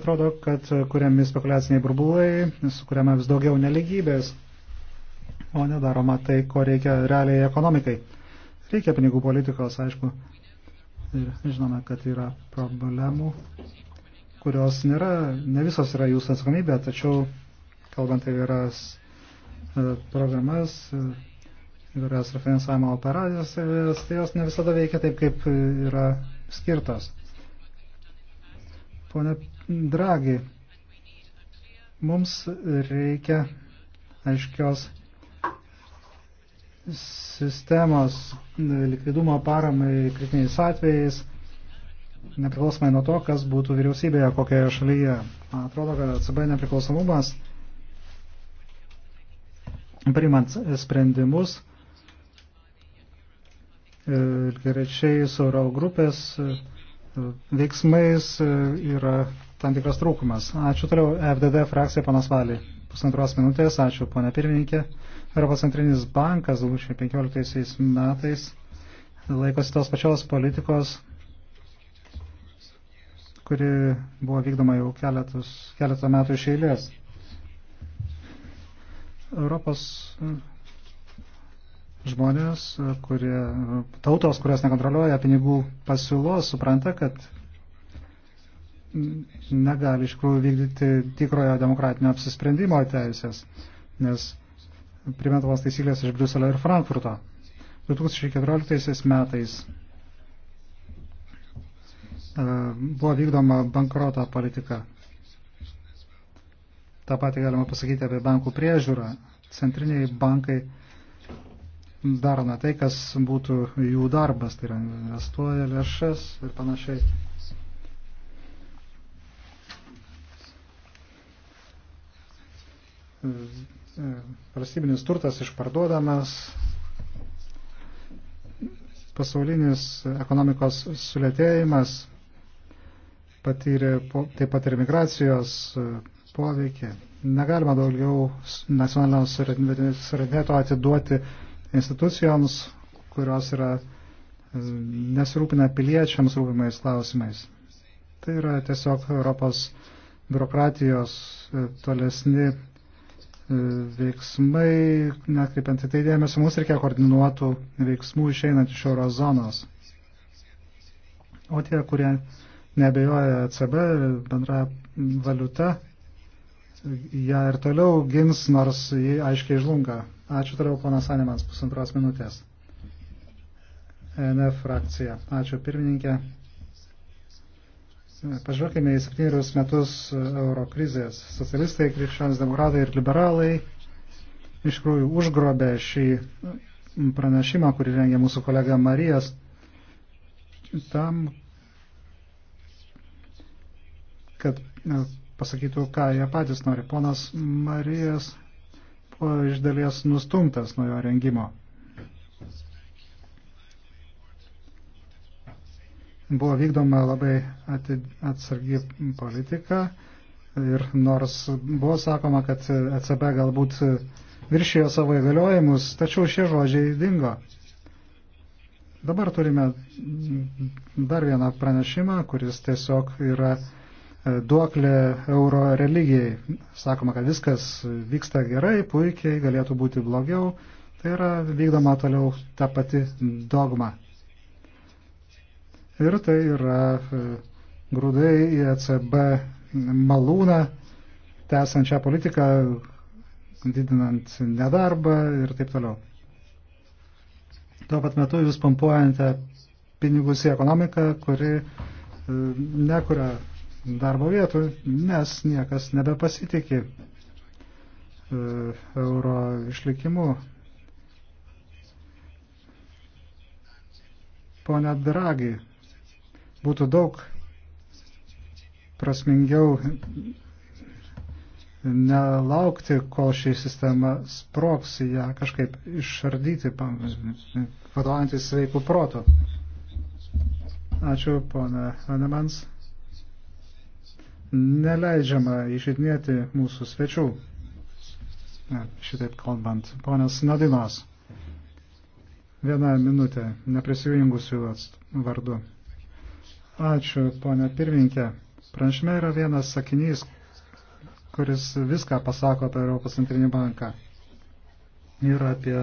Atrodo, kad kuriami spekuliaciniai burbulai, sukuriama vis daugiau neligybės, o nedaroma tai, ko reikia realiai ekonomikai. Reikia pinigų politikos, aišku, Ir žinome, kad yra problemų, kurios nėra, ne visos yra jūsų atsakomybė, tačiau kalbant apie įvairias e, programas, e, įvairias refinansavimo operacijas, e, tai jos ne visada veikia taip, kaip yra skirtos. Pone Dragi, mums reikia aiškios sistemos, likvidumo paramai kritiniais atvejais, nepriklausomai nuo to, kas būtų vyriausybėje, kokioje šalyje. Man atrodo, kad ECB nepriklausomumas, priimant sprendimus, e, gerečiai su euro grupės e, veiksmais e, yra tam tikras trūkumas. Ačiū toliau, FDD frakcija panas Valiai pusantros minutės. Ačiū, ponė pirmininkė. Europos centrinis bankas 2015 metais laikosi tos pačios politikos, kuri buvo vykdoma jau keletus, keletą metų iš eilės. Europos žmonės, kurie, tautos, kurios nekontroliuoja pinigų pasiūlos, supranta, kad negali iš tikrųjų vykdyti tikrojo demokratinio apsisprendimo teisės, nes primetamas taisyklės iš Briuselio ir Frankfurto. 2014 metais e, buvo vykdoma bankroto politika. Ta pati galima pasakyti apie bankų priežiūrą. Centriniai bankai darome tai, kas būtų jų darbas, tai yra investuoja lėšas ir panašiai. valstybinis turtas išparduodamas, pasaulinis ekonomikos sulėtėjimas patyrė taip pat ir migracijos e, poveikį. Negalima daugiau nacionalinio suvereniteto atiduoti institucijoms, kurios yra e, nesirūpina piliečiams rūpimais klausimais. Tai yra tiesiog Europos biurokratijos e, tolesni veiksmai, netkreipiant į tai dėmesio, mums reikia koordinuotų veiksmų išeinant iš eurozonos. O tie, kurie nebejoja ECB bendra valiuta, ją ja ir toliau gins, nors jį aiškiai žlunga. Ačiū toliau, ponas Animans, pusantros minutės. E NF frakcija. Ačiū pirmininkė. Pažvelkime į septynerius metus euro krizės. Socialistai, krikščionis demokratai ir liberalai iš tikrųjų užgrobė šį pranešimą, kurį rengė mūsų kolega Marijas, tam, kad e, pasakytų, ką jie patys nori. Ponas Marijas buvo iš dalies nustumtas nuo jo rengimo. Buvo vykdoma labai atsargi politika ir nors buvo sakoma, kad ECB galbūt viršijo savo įgaliojimus, tačiau šie žodžiai dingo. Dabar turime dar vieną pranešimą, kuris tiesiog yra e, duoklė euro religijai. Sakoma, kad viskas vyksta gerai, puikiai, galėtų būti blogiau. Tai yra vykdoma toliau ta pati dogma ir tai yra e, grūdai į ECB malūną, tęsančią politiką, didinant nedarbą ir taip toliau. Tuo pat metu jūs pumpuojate pinigus į ekonomiką, kuri e, nekuria darbo vietų, nes niekas nebepasitikė e, euro išlikimu. Pone Dragi, Būtų daug prasmingiau nelaukti, kol ši sistema sproks, ją kažkaip išardyti, vadovantis sveikų protų. Ačiū, pone Anemans. Neleidžiama išidinėti mūsų svečių. Šitaip kalbant, ponas Nadinos. Viena minutė neprisijungusių vardu. Ačiū, ponia pirminkė. Pranešime yra vienas sakinys, kuris viską pasako apie Europos centrinį banką. Ir apie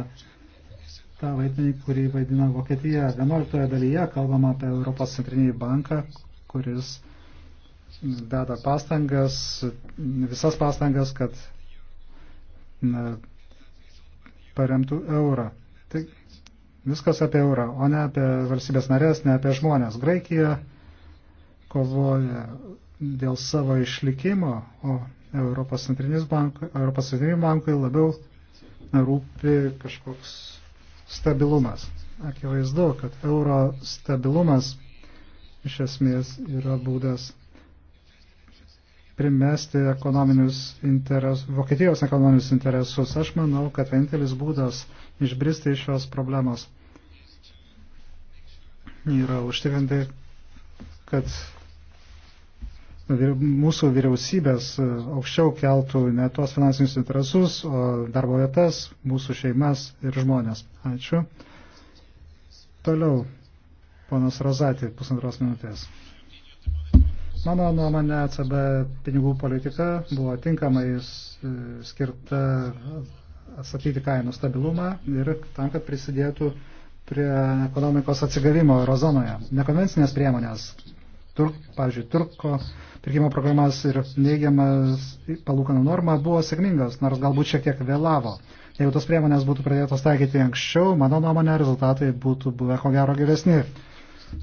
tą vaidmenį, kurį vaidina Vokietija. 11 dalyje kalbama apie Europos centrinį banką, kuris deda pastangas, visas pastangas, kad na, paremtų eurą. Tai viskas apie eurą, o ne apie valstybės narės, ne apie žmonės. Graikija kovoja dėl savo išlikimo, o Europos centrinis bankai, Europos centrinis bankai labiau rūpi kažkoks stabilumas. Akivaizdu, kad euro stabilumas iš esmės yra būdas primesti ekonominius interesus, Vokietijos ekonominius interesus. Aš manau, kad vienintelis būdas išbristi iš šios problemos yra užtikrinti, kad mūsų vyriausybės e, aukščiau keltų ne tos finansinius interesus, o darbo vietas, mūsų šeimas ir žmonės. Ačiū. Toliau, ponas Rozatė, pusantros minutės. Mano nuomonė, ECB pinigų politika buvo tinkamai e, skirta atsakyti kainų stabilumą ir tam, kad prisidėtų prie ekonomikos atsigavimo eurozonoje. Nekonvencinės priemonės, turk, pavyzdžiui, turko pirkimo programas ir neigiamas palūkanų norma buvo sėkmingas, nors galbūt šiek tiek vėlavo. Jeigu tos priemonės būtų pradėtos taikyti anksčiau, mano nuomonė, rezultatai būtų buvę ko gero geresni.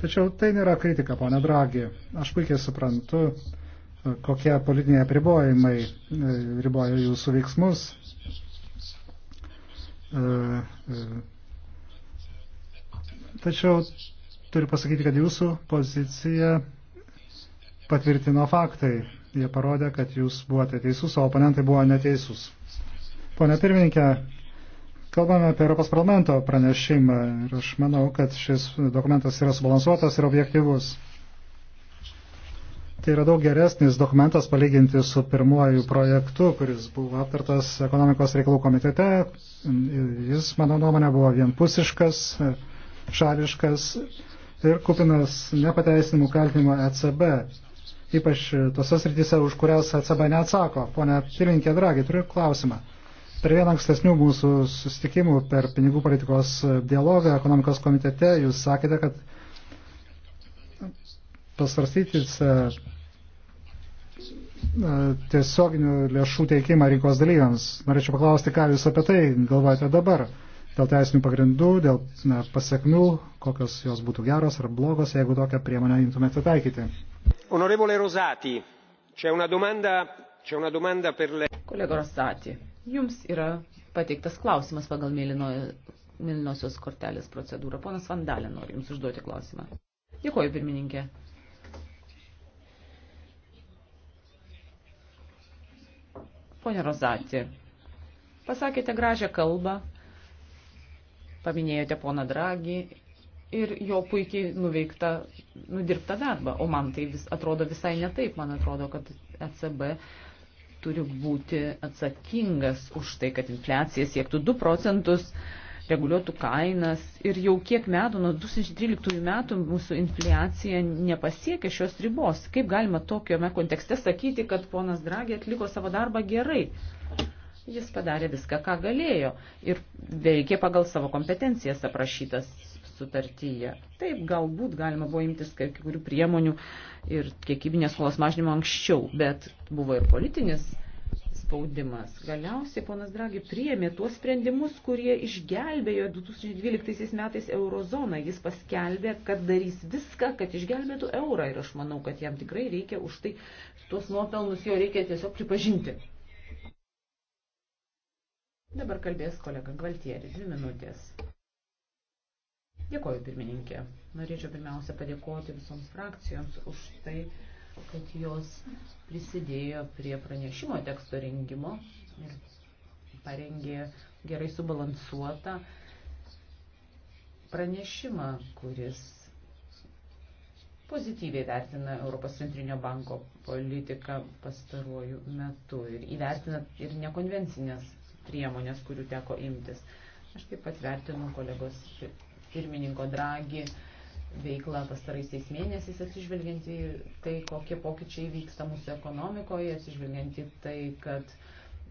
Tačiau tai nėra kritika, ponė Dragi. Aš puikiai suprantu, e, kokie politiniai apribojimai e, riboja jūsų veiksmus. E, Tačiau turiu pasakyti, kad jūsų pozicija patvirtino faktai. Jie parodė, kad jūs buvote teisus, o oponentai buvo neteisus. Pone pirmininkė, kalbame apie Europos parlamento pranešimą ir aš manau, kad šis dokumentas yra subalansuotas ir objektivus. Tai yra daug geresnis dokumentas palyginti su pirmuoju projektu, kuris buvo aptartas ekonomikos reikalų komitete. Jis, mano nuomonė, buvo vienpusiškas, šališkas ir kupinas nepateisinimų kaltinimo ECB ypač tose srityse, už kurias ECB neatsako. Pone Pirinkė Dragi, turiu klausimą. Per vieną ankstesnių mūsų susitikimų per pinigų politikos dialogą ekonomikos komitete jūs sakėte, kad pasvarstytis e, e, tiesioginių lėšų teikimą rinkos dalyviams. Norėčiau paklausti, ką Jūs apie tai galvojate dabar, dėl teisinių pagrindų, dėl pasiekmių, kokios jos būtų geros ar blogos, jeigu tokią priemonę imtumėte taikyti. Honorevole Rosati, čia una domanda, čia una domanda per le... Kolego Rosati, jums yra pateiktas klausimas pagal mėlynosios kortelės procedūrą. Ponas Vandalė nori jums užduoti klausimą. Dėkuoju, pirmininkė. Pone Rozati, pasakėte gražią kalbą, paminėjote poną Dragį ir jo puikiai nuveikta, nudirbta darbą. O man tai vis, atrodo visai ne taip. Man atrodo, kad ECB turi būti atsakingas už tai, kad infliacija siektų 2 procentus, reguliuotų kainas. Ir jau kiek metų, nuo 2013 metų, mūsų infliacija nepasiekia šios ribos. Kaip galima tokiame kontekste sakyti, kad ponas Dragė atliko savo darbą gerai? Jis padarė viską, ką galėjo ir veikė pagal savo kompetencijas aprašytas sutartyje. Taip, galbūt galima buvo imtis kai kurių priemonių ir kiekybinės skolos mažinimo anksčiau, bet buvo ir politinis spaudimas. Galiausiai ponas Dragi priėmė tuos sprendimus, kurie išgelbėjo 2012 metais eurozoną. Jis paskelbė, kad darys viską, kad išgelbėtų eurą ir aš manau, kad jam tikrai reikia už tai, tuos nuopelnus jo reikia tiesiog pripažinti. Dabar kalbės kolega Gvaltieri, dvi minutės. Dėkoju, pirmininkė. Norėčiau pirmiausia padėkoti visoms frakcijoms už tai, kad jos prisidėjo prie pranešimo teksto rengimo ir parengė gerai subalansuotą pranešimą, kuris pozityviai vertina Europos centrinio banko politiką pastaruoju metu ir įvertina ir nekonvencinės priemonės, kurių teko imtis. Aš taip pat vertinu kolegos pirmininko Dragi veiklą pastaraisiais mėnesiais, atsižvelgiant į tai, kokie pokyčiai vyksta mūsų ekonomikoje, atsižvelgiant į tai, kad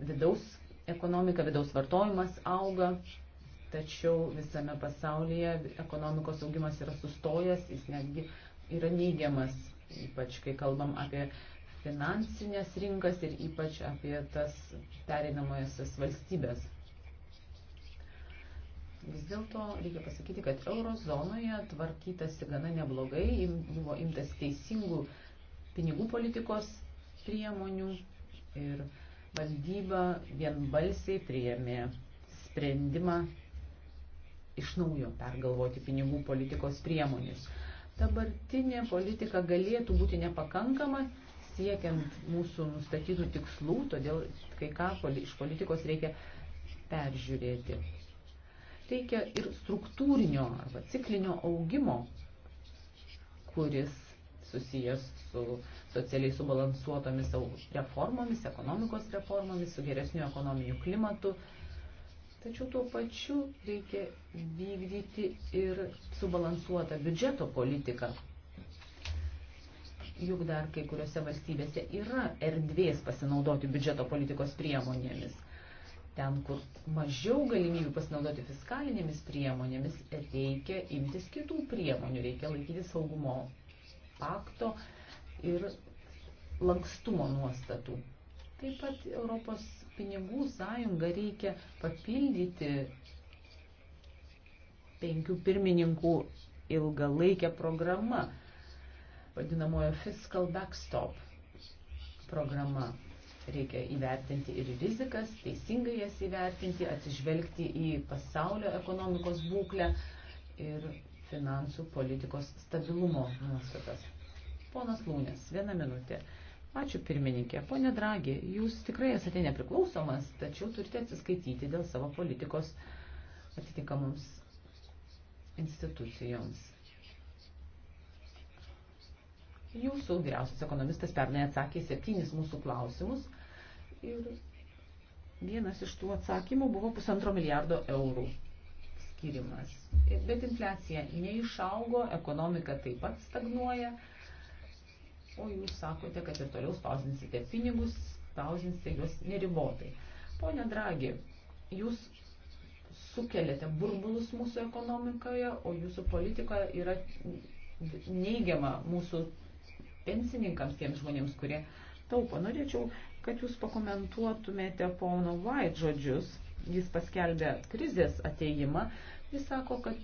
vidaus ekonomika, vidaus vartojimas auga, tačiau visame pasaulyje ekonomikos augimas yra sustojęs, jis netgi yra neigiamas, ypač kai kalbam apie finansinės rinkas ir ypač apie tas pereinamojasias valstybės. Vis dėlto reikia pasakyti, kad eurozonoje tvarkytasi gana neblogai, im, buvo imtas teisingų pinigų politikos priemonių ir valdyba vienbalsiai priėmė sprendimą iš naujo pergalvoti pinigų politikos priemonius. Dabartinė politika galėtų būti nepakankama siekiant mūsų nustatytų tikslų, todėl kai ką iš politikos reikia peržiūrėti reikia ir struktūrinio arba ciklinio augimo, kuris susijęs su socialiai subalansuotomis reformomis, ekonomikos reformomis, su geresniu ekonominiu klimatu. Tačiau tuo pačiu reikia vykdyti ir subalansuotą biudžeto politiką. Juk dar kai kuriuose valstybėse yra erdvės pasinaudoti biudžeto politikos priemonėmis ten, kur mažiau galimybių pasinaudoti fiskalinėmis priemonėmis, reikia imtis kitų priemonių, reikia laikyti saugumo pakto ir lankstumo nuostatų. Taip pat Europos pinigų sąjungą reikia papildyti penkių pirmininkų ilgalaikę programą, vadinamojo Fiscal Backstop programa Reikia įvertinti ir rizikas, teisingai jas įvertinti, atsižvelgti į pasaulio ekonomikos būklę ir finansų politikos stabilumo nuostatas. Ponas Lūnės, vieną minutę. Ačiū pirmininkė. Pone Dragi, jūs tikrai esate nepriklausomas, tačiau turite atsiskaityti dėl savo politikos atitikamoms institucijoms. Jūsų vyriausias ekonomistas pernai atsakė septynis mūsų klausimus Ir vienas iš tų atsakymų buvo pusantro milijardo eurų skirimas. Bet infliacija neišaugo, ekonomika taip pat stagnuoja, o jūs sakote, kad ir toliau spausinsite pinigus, spausinsite juos neribotai. Pone Dragi, jūs sukeliate burbulus mūsų ekonomikoje, o jūsų politika yra neigiama mūsų pensininkams, tiems žmonėms, kurie taupo. Norėčiau kad jūs pakomentuotumėte pono White žodžius. Jis paskelbė krizės ateimą. Jis sako, kad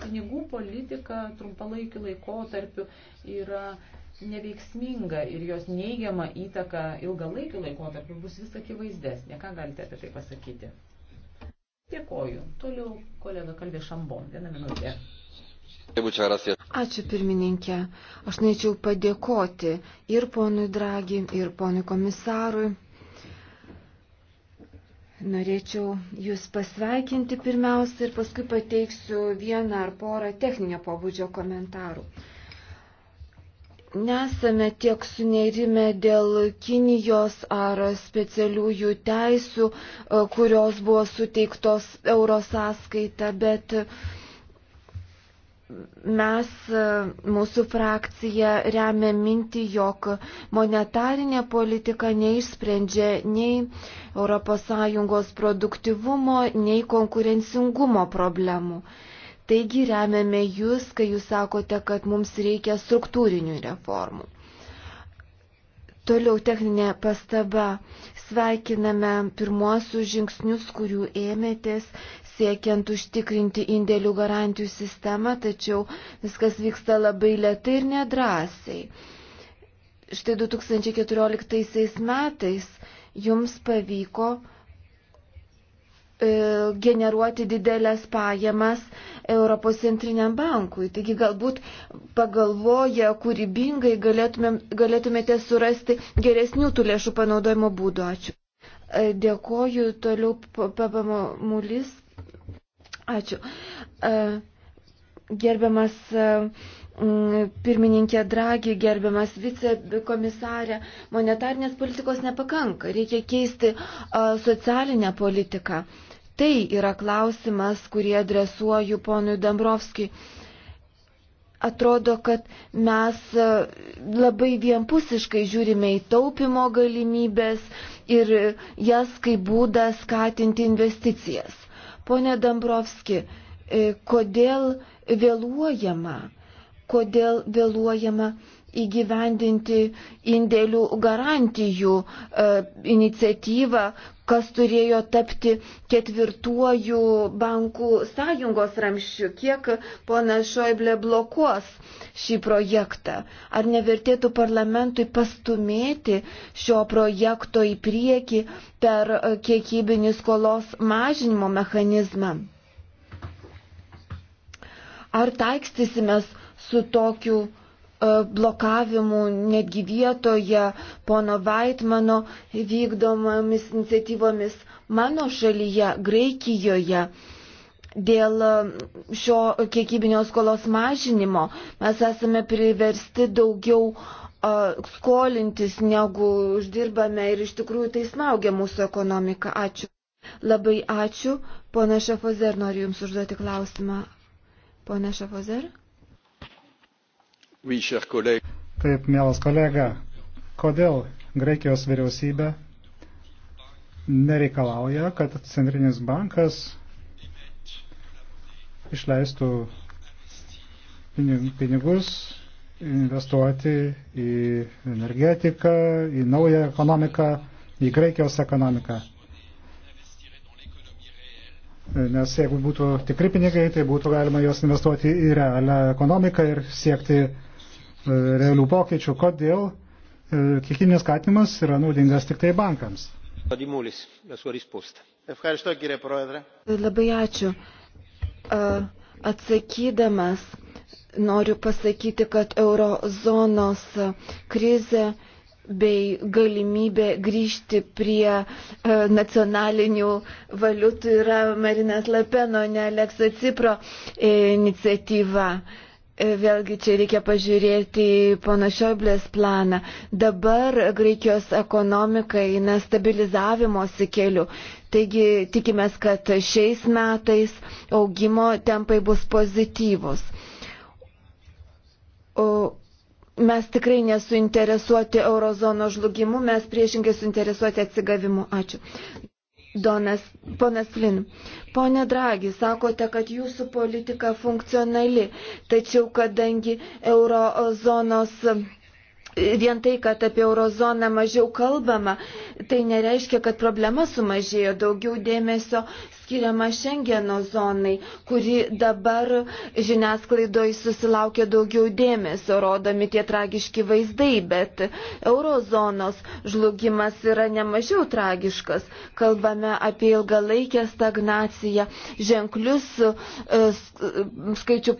pinigų politika trumpalaikiu laikotarpiu yra neveiksminga ir jos neigiama įtaka ilgalaikiu laikotarpiu bus vis akivaizdesnė. Ką galite apie tai pasakyti? Dėkoju. Toliau kolega kalbė Šambon. Vieną minutę. Ačiū pirmininkė. Aš norėčiau padėkoti ir ponui Dragi, ir ponui komisarui. Norėčiau Jūs pasveikinti pirmiausia ir paskui pateiksiu vieną ar porą techninio pobūdžio komentarų. Nesame tiek sunerime dėl Kinijos ar specialiųjų teisių, e, kurios buvo suteiktos euro sąskaita, bet uh, Mes, e, mūsų frakcija, remia mintį, jog monetarinė politika neišsprendžia nei ES produktivumo, nei konkurencingumo problemų. Taigi remiame jūs, kai jūs sakote, kad mums reikia struktūrinių reformų. Toliau techninė pastaba. Sveikiname pirmuosius žingsnius, kurių ėmėtės siekiant užtikrinti indėlių garantijų sistemą, tačiau viskas vyksta labai lietai ir nedrasiai. Štai 2014 metais jums pavyko generuoti didelės pajamas Europos centriniam bankui. Taigi galbūt pagalvoję kūrybingai galėtumėte surasti geresnių tų lėšų panaudojimo būdų. Ačiū. Dėkoju toliau papamulis Ačiū. E, gerbiamas e, pirmininkė Dragi, gerbiamas vicekomisarė, monetarnės politikos nepakanka, reikia keisti e, socialinę politiką. Tai yra klausimas, kurį adresuoju ponui Dambrovskijui. Atrodo, kad mes labai vienpusiškai žiūrime į taupimo galimybės ir jas kaip būdą skatinti investicijas. Pone Dambrovski, e, kodėl vėluojama? Kodėl vėluojama įgyvendinti indėlių garantijų e, iniciatyvą, kas turėjo tapti ketvirtuoju bankų sąjungos ramščiu, kiek ponas Šoiblė blokuos šį projektą. Ar nevertėtų parlamentui pastumėti šio projekto į priekį per kiekybinį skolos mažinimo mechanizmą? Ar taikstysimės su tokiu E, blokavimų netgi vietoje pono Vaitmano vykdomomis iniciatyvomis mano šalyje, Graikijoje. Dėl e, šio kiekybinio skolos mažinimo mes esame priversti daugiau e, skolintis, negu uždirbame ir iš tikrųjų tai smaugia mūsų ekonomiką. Ačiū. Labai ačiū. Pone Šafozer, noriu Jums užduoti klausimą. Pone Šafozer? Oui, Taip, mielas kolega, kodėl Graikijos vyriausybė nereikalauja, kad Centrinis bankas išleistų pinigus investuoti į energetiką, į naują ekonomiką, į Graikijos ekonomiką. Nes jeigu būtų tikri pinigai, tai būtų galima juos investuoti į realią ekonomiką ir siekti E, realių pokyčių. Kodėl e, kiekvienas skatimas yra naudingas tik tai bankams? Tai labai ačiū. E, atsakydamas noriu pasakyti, kad eurozonos krizė bei galimybė grįžti prie e, nacionalinių valiutų yra Marinės Lapeno, ne Aleksa Cipro e, iniciatyva. E, E, vėlgi čia reikia pažiūrėti panašioblės planą. Dabar Graikijos ekonomika eina stabilizavimosi keliu. Taigi tikimės, kad šiais metais augimo tempai bus pozityvus. O mes tikrai nesuinteresuoti eurozono žlugimu, mes priešingai suinteresuoti atsigavimu. Ačiū. Donas, ponas Lin, ponė Dragi, sakote, kad jūsų politika funkcionali, tačiau kadangi eurozonos Vien tai, kad apie eurozoną mažiau kalbama, tai nereiškia, kad problema sumažėjo, daugiau dėmesio skiriama Šengeno zonai, kuri dabar žiniasklaidoje susilaukia daugiau dėmesio, rodomi tie tragiški vaizdai, bet eurozonos žlugimas yra nemažiau tragiškas. Kalbame apie ilgalaikę stagnaciją, ženklius e, e, skaičių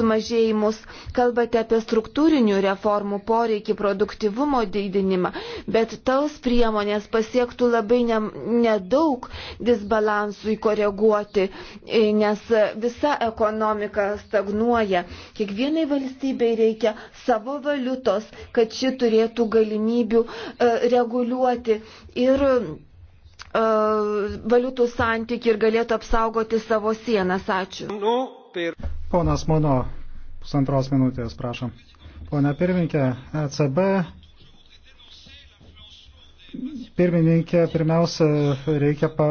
sumažėjimus, kalbate apie struktūrinių reformų poreikį poreikį, produktivumo didinimą, bet tos priemonės pasiektų labai nedaug ne disbalansui koreguoti, e, nes visa ekonomika stagnuoja. Kiekvienai valstybei reikia savo valiutos, kad ši turėtų galimybių e, reguliuoti ir e, valiutų santyki ir galėtų apsaugoti savo sienas. Ačiū. Nu, Ponas Mano, pusantros minutės, prašom. Pone pirmininkė, ECB pirmininkė, pirmiausia, reikia pa,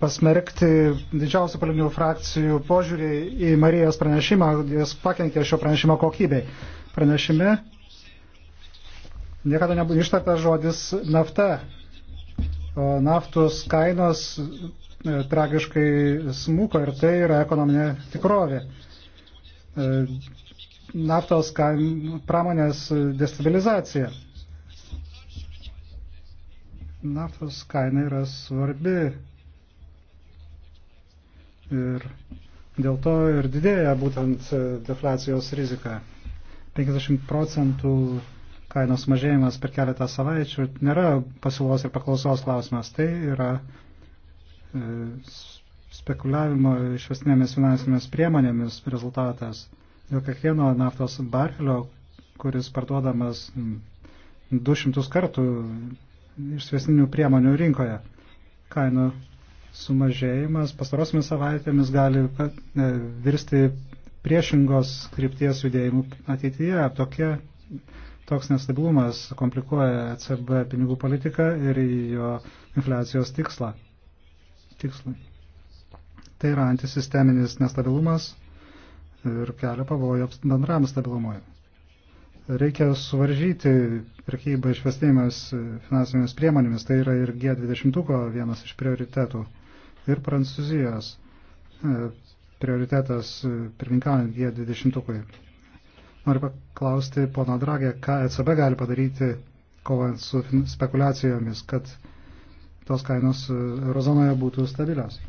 pasmerkti didžiausių politinių frakcijų požiūrį į Marijos pranešimą, jis pakenkė šio pranešimo kokybei. Pranešime niekada nebuvo ištartas žodis nafta. O naftos kainos e, tragiškai smuko ir tai yra ekonominė tikrovė. E, naftos pramonės destabilizacija. Naftos kaina yra svarbi ir dėl to ir didėja būtent e, deflacijos rizika. 50 procentų kainos mažėjimas per keletą savaičių nėra pasiūlos ir paklausos klausimas, tai yra e, spekuliavimo išvestinėmis finansinėmis priemonėmis rezultatas. Dėl kiekvieno naftos barelio, kuris parduodamas 200 kartų išsvesninių priemonių rinkoje, kainų sumažėjimas pastarosiamis savaitėmis gali e, virsti priešingos krypties judėjimų ateityje. Tokie, toks nestabilumas komplikuoja ECB pinigų politiką ir jo infliacijos tikslą. tikslai. Tai yra antisisteminis nestabilumas, ir kelia pavojų bendram stabilumui. Reikia suvaržyti prekybą išvestinėmis finansinėmis priemonėmis, tai yra ir G20 vienas iš prioritetų, ir Prancūzijos e, prioritetas e, pirmininkaujant G20. -tukui. Noriu paklausti pono Dragė, ką ECB gali padaryti, kovant su spekulacijomis, kad tos kainos e, eurozonoje būtų stabilios.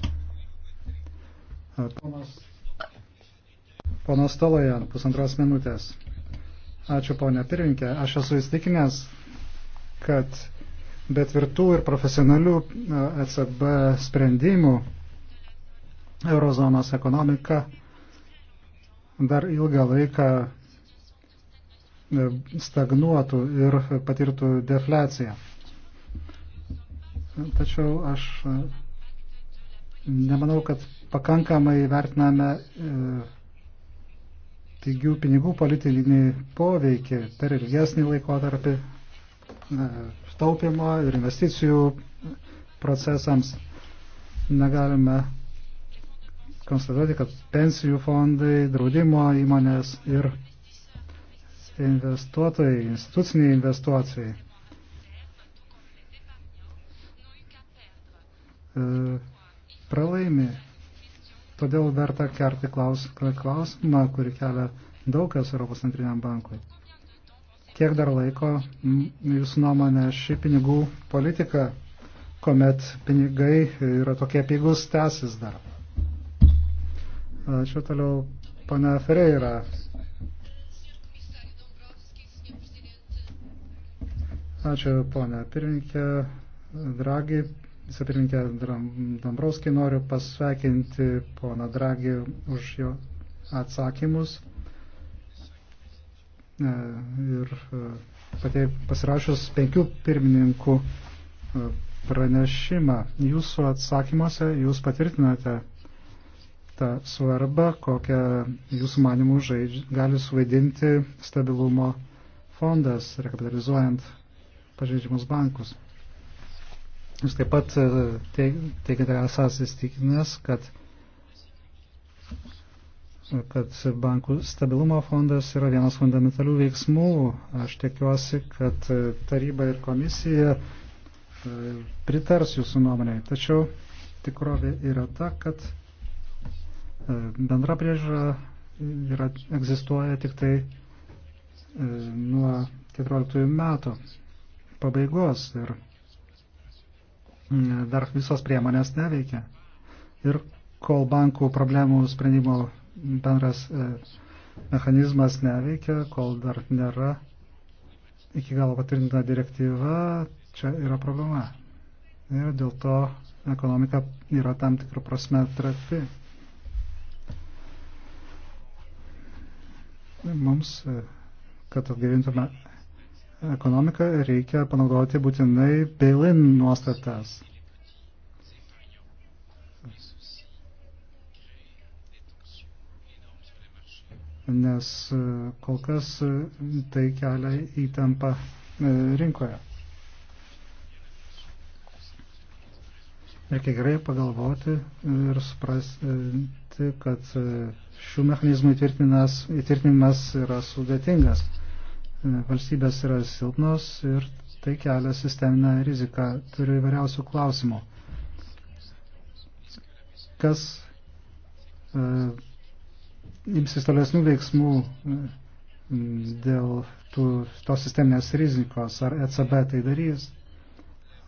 Ponas Pono Stoloje, pusantros minutės. Ačiū, ponė pirminkė. Aš esu įstikinęs, kad be tvirtų ir profesionalių ECB e sprendimų eurozonos ekonomika dar ilgą laiką e, stagnuotų ir patirtų defliaciją. Tačiau aš e, nemanau, kad pakankamai vertiname pigių pinigų politinį poveikį per ilgesnį laikotarpį taupimo ir investicijų procesams negalime konstatuoti, kad pensijų fondai, draudimo įmonės ir investuotojai, instituciniai investuotojai e, pralaimi Todėl verta kerti klausimą, kurį kelia daug kas Europos centriniam bankui. Kiek dar laiko jūsų nuomonė ši pinigų politika, kuomet pinigai yra tokie pigus, tęsis dar? Ačiū toliau, pana Ferreira. Ačiū, ponia pirmininkė, dragi vicepirinkė Dombrovskiai, noriu pasveikinti poną Dragį už jo atsakymus. E, ir e, pasirašus penkių pirmininkų e, pranešimą, jūsų atsakymuose jūs patvirtinate tą svarbą, kokią jūsų manimų žaidž, gali suvaidinti stabilumo fondas, rekapitalizuojant pažeidžiamus bankus. Jūs taip pat e, teikite esas įstikinęs, kad, kad bankų stabilumo fondas yra vienas fundamentalių veiksmų. Aš tikiuosi, kad e, taryba ir komisija e, pritars jūsų nuomonė. Tačiau tikrovė yra ta, kad bendra priežiūra yra, egzistuoja tik tai nuo 14 metų pabaigos. Ir Mm, dar visos priemonės neveikia. Ir kol bankų problemų sprendimo bendras e, mechanizmas neveikia, kol dar nėra iki galo patvirtinta direktyva, čia yra problema. Ir dėl to ekonomika yra tam tikrų prasme trafi. Mums, e, kad atgaivintume ekonomiką reikia panaudoti būtinai bailin nuostatas. Nes e, kol kas e, tai kelia įtampą e, rinkoje. Reikia gerai pagalvoti ir suprasti, kad šių mechanizmų įtvirtinimas yra sudėtingas valstybės yra silpnos ir tai kelia sisteminę riziką. Turiu įvairiausių klausimų. Kas e, imsis tolesnių veiksmų e, dėl tų, tos sisteminės rizikos? Ar ECB tai darys?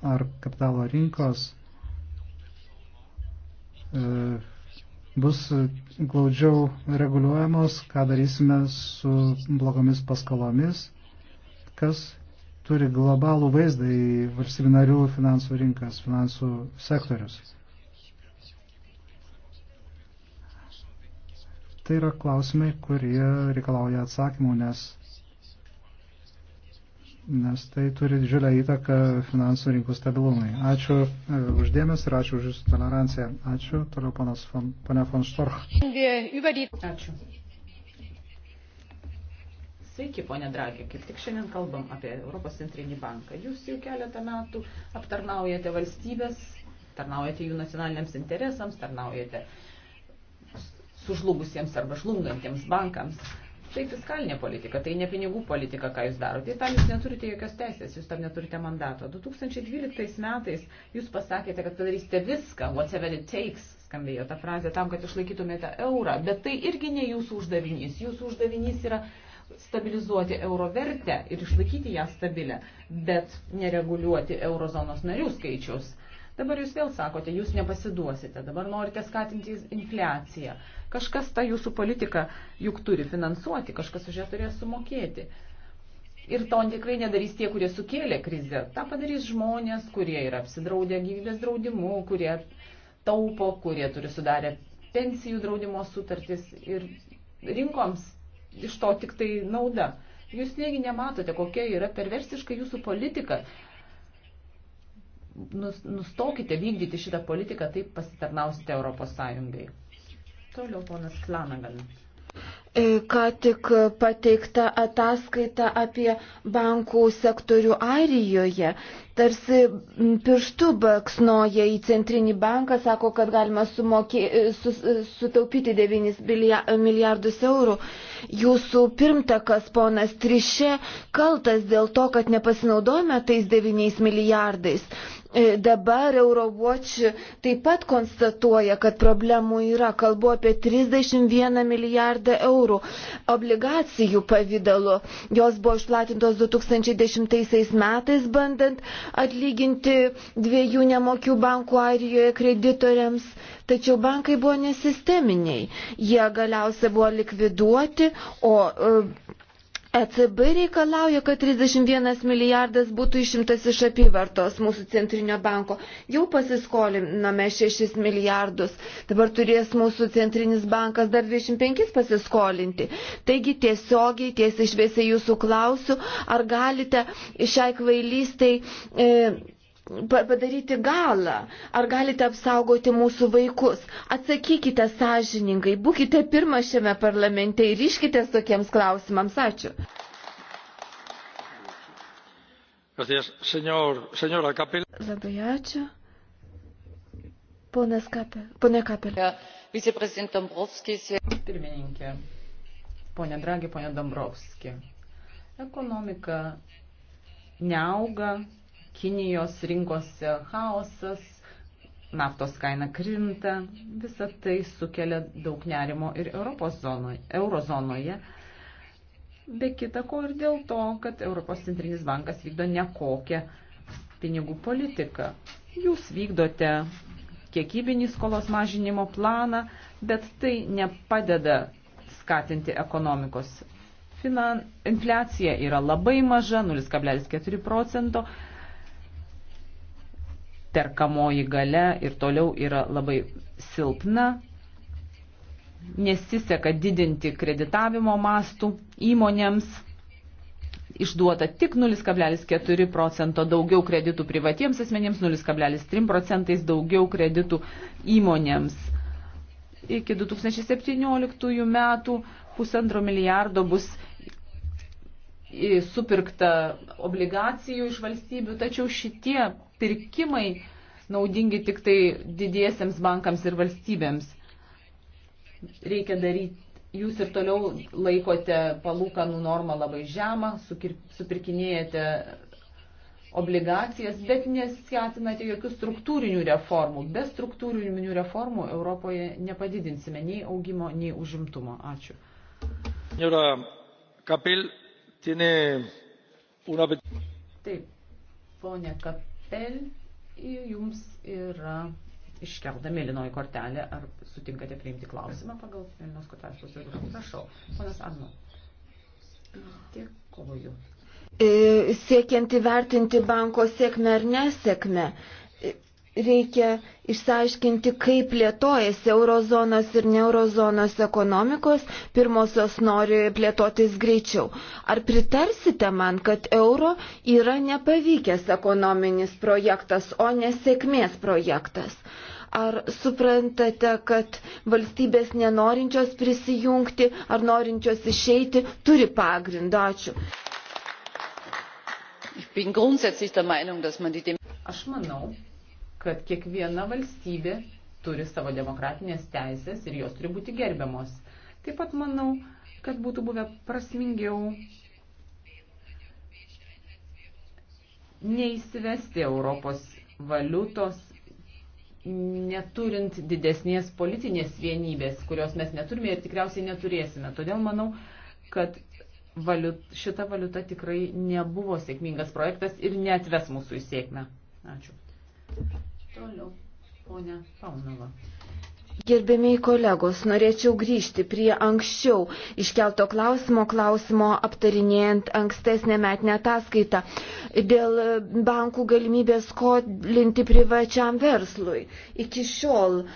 Ar kapitalo rinkos? E, bus glaudžiau reguliuojamos, ką darysime su blogomis paskalomis, kas turi globalų vaizdą į valstybinarių finansų rinkas, finansų sektorius. Tai yra klausimai, kurie reikalauja atsakymų, nes nes tai turi didžiulę įtaką finansų rinkų stabilumui. Ačiū e, uždėmės ir ačiū už jūsų toleranciją. Ačiū. Toliau ponas von, ponia von Storch. Ačiū. Sveiki, ponė Dragė. Kaip tik šiandien kalbam apie Europos centrinį banką. Jūs jau keletą metų aptarnaujate valstybės, tarnaujate jų nacionaliniams interesams, tarnaujate sužlugusiems arba žlungantiems bankams tai fiskalinė politika, tai ne pinigų politika, ką jūs darote. Tai tam jūs neturite jokios teisės, jūs tam neturite mandato. 2012 metais jūs pasakėte, kad padarysite viską, whatever it takes, skambėjo ta frazė, tam, kad išlaikytumėte eurą. Bet tai irgi ne jūsų uždavinys. Jūsų uždavinys yra stabilizuoti euro vertę ir išlaikyti ją stabilę, bet nereguliuoti eurozonos narių skaičius Dabar jūs vėl sakote, jūs nepasiduosite, dabar norite skatinti infliaciją. Kažkas tą jūsų politiką juk turi finansuoti, kažkas už ją turės sumokėti. Ir to tikrai nedarys tie, kurie sukėlė krizę. Ta padarys žmonės, kurie yra apsidraudę gyvybės draudimu, kurie taupo, kurie turi sudarę pensijų draudimo sutartis ir rinkoms iš to tik tai nauda. Jūs negi nematote, kokia yra perversiška jūsų politika nustokite vykdyti šitą politiką, taip pasitarnausite Europos Sąjungai. Toliau ponas Klanagan. E, ką tik pateikta ataskaita apie bankų sektorių Airijoje. Tarsi pirštų baksnoja į centrinį banką, sako, kad galima sumokė, e, sus, e, sutaupyti 9 milijardus eurų. Jūsų pirmtakas ponas Trišė kaltas dėl to, kad nepasinaudojame tais 9 milijardais. E, dabar Eurowatch taip pat konstatuoja, kad problemų yra. Kalbu apie 31 milijardą eurų obligacijų pavydalu. Jos buvo išplatintos 2010 metais, bandant atlyginti dviejų nemokių bankų Airijoje kreditoriams. Tačiau bankai buvo nesisteminiai. Jie galiausia buvo likviduoti, o e, ECB reikalauja, kad 31 milijardas būtų išimtas iš apyvartos mūsų centrinio banko. Jau pasiskoliname 6 milijardus, dabar turės mūsų centrinis bankas dar 25 pasiskolinti. Taigi tiesiogiai, tiesiai išviesiai jūsų klausiu, ar galite šiai kvailystai. E, padaryti galą? Ar galite apsaugoti mūsų vaikus? Atsakykite sąžiningai, būkite pirmą šiame parlamente ir iškite tokiems klausimams. Ačiū. Gracias, señor, señora Kapel. Labai ačiū. Ponas Kapel. Pone Kapel. Viceprezident Dombrovskis. Pirmininkė. Pone Dragi, pone Dombrovski. Ekonomika neauga, Kinijos rinkose chaosas, naftos kaina krinta, visa tai sukelia daug nerimo ir Europos zonoje, eurozonoje. Be kita ko ir dėl to, kad Europos centrinis bankas vykdo nekokią pinigų politiką. Jūs vykdote kiekybinį skolos mažinimo planą, bet tai nepadeda skatinti ekonomikos. Finan... Infliacija yra labai maža, 0,4 procento perkamoji gale ir toliau yra labai silpna, nesiseka didinti kreditavimo mastų įmonėms. Išduota tik 0,4 procento daugiau kreditų privatiems asmenėms, 0,3 procentais daugiau kreditų įmonėms. Iki 2017 metų pusantro milijardo bus supirkta obligacijų iš valstybių, tačiau šitie pirkimai naudingi tik tai didiesiems bankams ir valstybėms. Reikia daryti. Jūs ir toliau laikote palūkanų normą labai žemą, supirkinėjate obligacijas, bet neskatinate jokių struktūrinių reformų. Be struktūrinių reformų Europoje nepadidinsime nei augimo, nei užimtumo. Ačiū. Senora Kapil, tiene una... Taip, ponė Kapil L jums yra iškelta mėlynoji kortelė. Ar sutinkate priimti klausimą pagal mėlynos kortelės procedūrą? Prašau, ponas Arno. Dėkuoju. E, siekiant įvertinti banko sėkmę ar nesėkmę, reikia išsiaiškinti, kaip plėtojasi eurozonos ir neurozonos ekonomikos, pirmosios nori plėtotis greičiau. Ar pritarsite man, kad euro yra nepavykęs ekonominis projektas, o nesėkmės projektas? Ar suprantate, kad valstybės nenorinčios prisijungti ar norinčios išeiti turi pagrindą? Ačiū. Aš manau, kad kiekviena valstybė turi savo demokratinės teisės ir jos turi būti gerbiamos. Taip pat manau, kad būtų buvę prasmingiau neįsivesti Europos valiutos, neturint didesnės politinės vienybės, kurios mes neturime ir tikriausiai neturėsime. Todėl manau, kad valiut, šita valiuta tikrai nebuvo sėkmingas projektas ir netves mūsų į sėkmę. Ačiū. Toliau, ponia Paunova. Gerbėmiai kolegos, norėčiau grįžti prie anksčiau iškelto klausimo, klausimo aptarinėjant ankstesnę metinę ataskaitą dėl bankų galimybės skolinti privačiam verslui. Iki šiol e,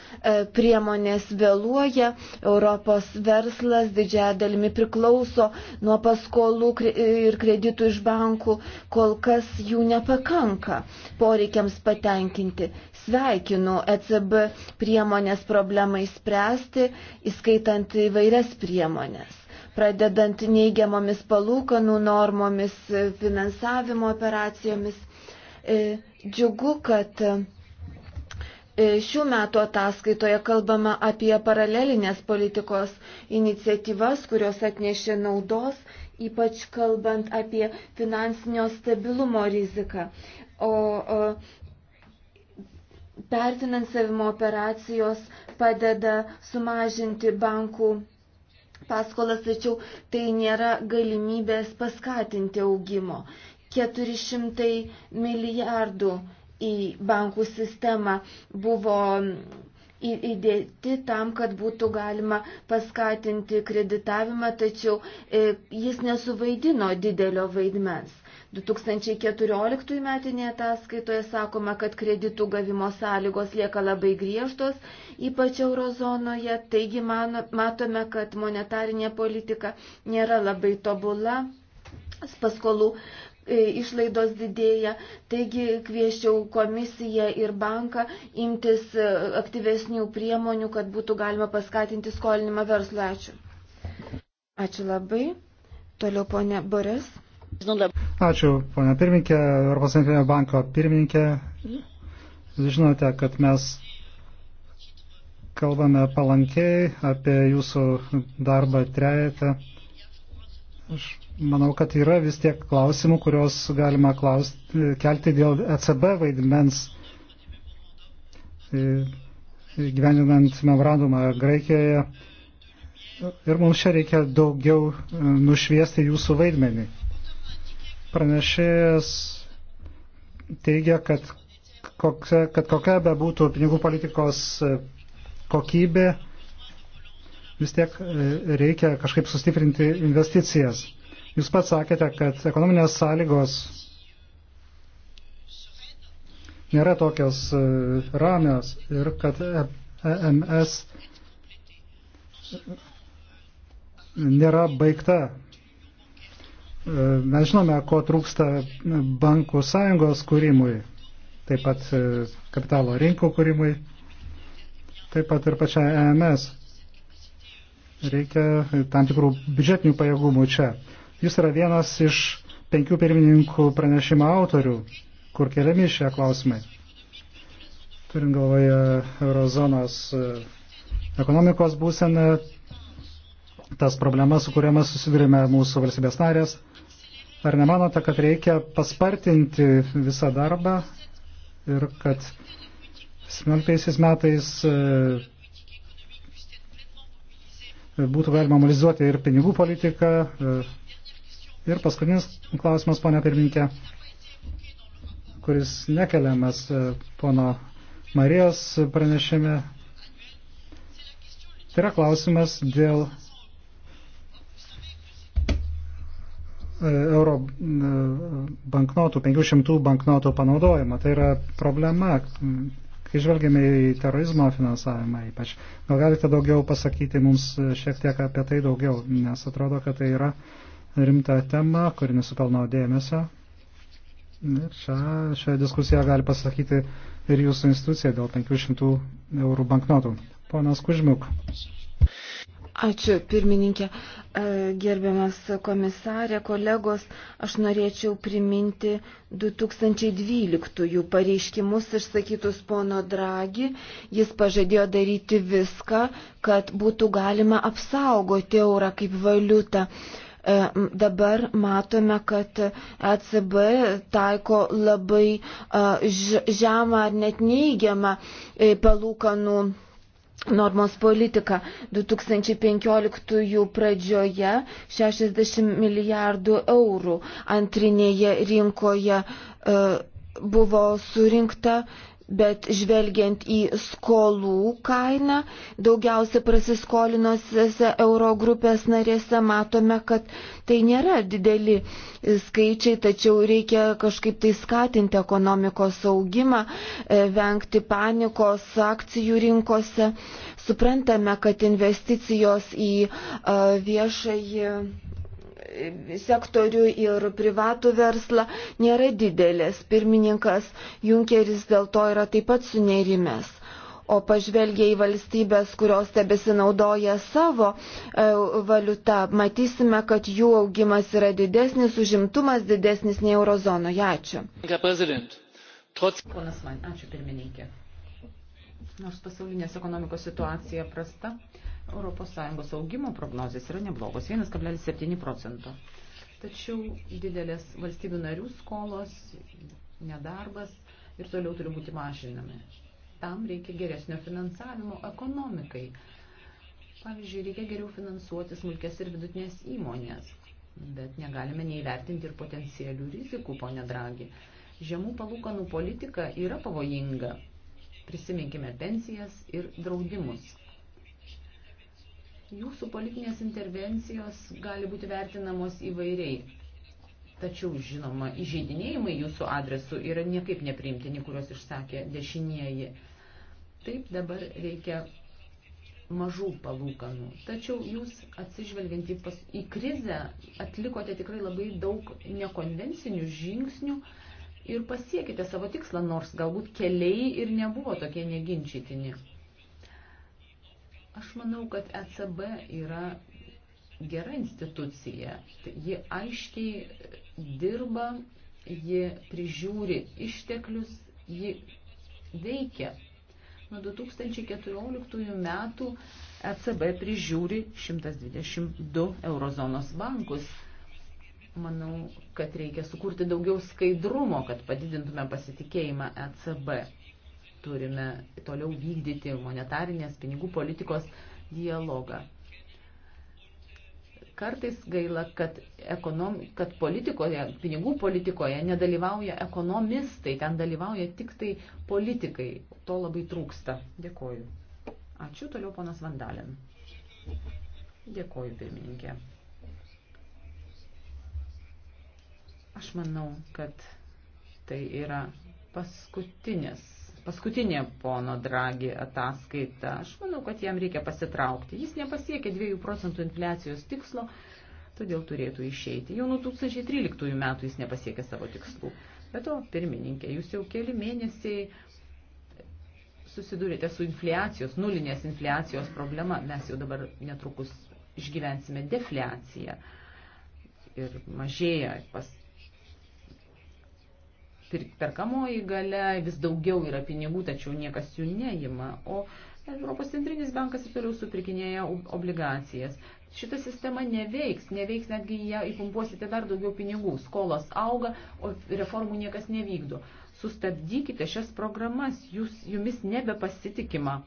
priemonės vėluoja, Europos verslas didžiąją dalimi priklauso nuo paskolų ir kreditų iš bankų, kol kas jų nepakanka poreikiams patenkinti. Sveikinu ECB priemonės problemą problemai spręsti, įskaitant įvairias priemonės, pradedant neigiamomis palūkanų normomis, finansavimo operacijomis. E, džiugu, kad e, Šių metų ataskaitoje kalbama apie paralelinės politikos iniciatyvas, kurios atnešė naudos, ypač kalbant apie finansinio stabilumo riziką. O, o Perfinansavimo operacijos padeda sumažinti bankų paskolas, tačiau tai nėra galimybės paskatinti augimo. 400 milijardų į bankų sistemą buvo įdėti tam, kad būtų galima paskatinti kreditavimą, tačiau e, jis nesuvaidino didelio vaidmens. 2014 metinėje ataskaitoje sakoma, kad kreditų gavimo sąlygos lieka labai griežtos, ypač eurozonoje, taigi mano, matome, kad monetarinė politika nėra labai tobula, paskolų e, išlaidos didėja, taigi kvieščiau komisiją ir banką imtis e, aktyvesnių priemonių, kad būtų galima paskatinti skolinimą verslą. Ačiū. Ačiū labai. Toliau ponė Boris. Žinau, Ačiū, ponia pirmininkė, Europos centrinio banko pirmininkė. Žinote, kad mes kalbame palankiai apie jūsų darbą trejate. Aš manau, kad yra vis tiek klausimų, kurios galima klaust, kelti dėl ECB vaidmens e, gyveninant memorandumą Graikijoje. Ir mums čia reikia daugiau e, nušviesti jūsų vaidmenį. Pranešėjas teigia, kad kokia, kad kokia be būtų pinigų politikos e, kokybė, vis tiek e, reikia kažkaip sustiprinti investicijas. Jūs pats sakėte, kad ekonominės sąlygos nėra tokios e, ramios ir kad EMS nėra baigta E, mes žinome, ko trūksta bankų sąjungos kūrimui, taip pat e, kapitalo rinkų kūrimui, taip pat ir pačiai EMS. Reikia tam tikrų biudžetinių pajėgumų čia. Jis yra vienas iš penkių pirmininkų pranešimo autorių, kur keliami šie klausimai. Turint galvoje eurozonos e, ekonomikos būseną, tas problemas, su kuriamis susidurime mūsų valstybės narės Ar nemanote, kad reikia paspartinti visą darbą ir kad 17 metais e, būtų galima mobilizuoti ir pinigų politiką? E, ir paskutinis klausimas, ponia pirminkė, kuris nekeliamas e, pono Marijos pranešime. Tai yra klausimas dėl E, euro e, banknotų, 500 banknotų panaudojimą. Tai yra problema, kai žvelgiame į terorizmo finansavimą ypač. Gal galite daugiau pasakyti mums šiek tiek apie tai daugiau, nes atrodo, kad tai yra rimta tema, kuri nusipelno dėmesio. Ir čia, šioje diskusijoje gali pasakyti ir jūsų institucija dėl 500 eurų banknotų. Ponas Kužmiuk. Ačiū, pirmininkė. E, gerbiamas komisarė, kolegos, aš norėčiau priminti 2012 pareiškimus išsakytus pono Dragi. Jis pažadėjo daryti viską, kad būtų galima apsaugoti eurą kaip valiutą. E, dabar matome, kad ECB taiko labai e, žemą ar net neįgiamą palūkanų. Nu, normos politiką. 2015 pradžioje 60 milijardų eurų antrinėje rinkoje e, buvo surinkta bet žvelgiant į skolų kainą, daugiausia prasiskolinusiose euro grupės narėse matome, kad tai nėra dideli skaičiai, tačiau reikia kažkaip tai skatinti ekonomikos augimą, e, vengti panikos akcijų rinkose. Suprantame, kad investicijos į e, viešąjį sektorių ir privatų verslą nėra didelės. Pirmininkas Junkeris dėl to yra taip pat sunerimęs. O pažvelgia į valstybės, kurios tebesinaudoja savo e, valiutą, matysime, kad jų augimas yra didesnis, užimtumas didesnis nei eurozonoje. Ačiū. Ponas Man, ačiū pirmininkė. Nors pasaulinės ekonomikos situacija prasta, ES augimo prognozijas yra neblogos, 1,7 procento. Tačiau didelės valstybių narių skolos, nedarbas ir toliau turi būti mažinami. Tam reikia geresnio finansavimo ekonomikai. Pavyzdžiui, reikia geriau finansuoti smulkės ir vidutinės įmonės, bet negalime neįvertinti ir potencialių rizikų, ponė Dragi. Žemų palūkanų politika yra pavojinga. Prisiminkime pensijas ir draudimus Jūsų politinės intervencijos gali būti vertinamos įvairiai. Tačiau, žinoma, įžeidinėjimai jūsų adresu yra niekaip nepriimtini, kuriuos išsakė dešinieji. Taip dabar reikia mažų palūkanų. Tačiau jūs atsižvelgiant į, pas, į krizę atlikote tikrai labai daug nekonvencinių žingsnių ir pasiekite savo tikslą, nors galbūt keliai ir nebuvo tokie neginčytini. Aš manau, kad ECB yra gera institucija. Tai ji aiškiai dirba, ji prižiūri išteklius, ji veikia. Nuo 2014 metų ECB prižiūri 122 eurozonos bankus. Manau, kad reikia sukurti daugiau skaidrumo, kad padidintume pasitikėjimą ECB turime toliau vykdyti monetarinės pinigų politikos dialogą. Kartais gaila, kad, ekonom, kad politikoje, pinigų politikoje nedalyvauja ekonomistai, ten dalyvauja tik tai politikai. To labai trūksta. Dėkoju. Ačiū toliau ponas Vandalin. Dėkoju pirmininkė. Aš manau, kad tai yra paskutinis paskutinė pono Dragi ataskaita. Aš manau, kad jam reikia pasitraukti. Jis nepasiekė 2 procentų infliacijos tikslo, todėl turėtų išeiti. Jau nuo 2013 metų jis nepasiekė savo tikslų. Bet to, pirmininkė, jūs jau keli mėnesiai susidūrėte su infliacijos, nulinės infliacijos problema. Mes jau dabar netrukus išgyvensime defliaciją ir mažėja pas perkamoji gale, vis daugiau yra pinigų, tačiau niekas jų neima. O Europos centrinis bankas ir toliau supirkinėja obligacijas. Šita sistema neveiks, neveiks netgi ją įpumpuosite dar daugiau pinigų. Skolos auga, o reformų niekas nevykdo. Sustabdykite šias programas, jūs, jumis nebepasitikima.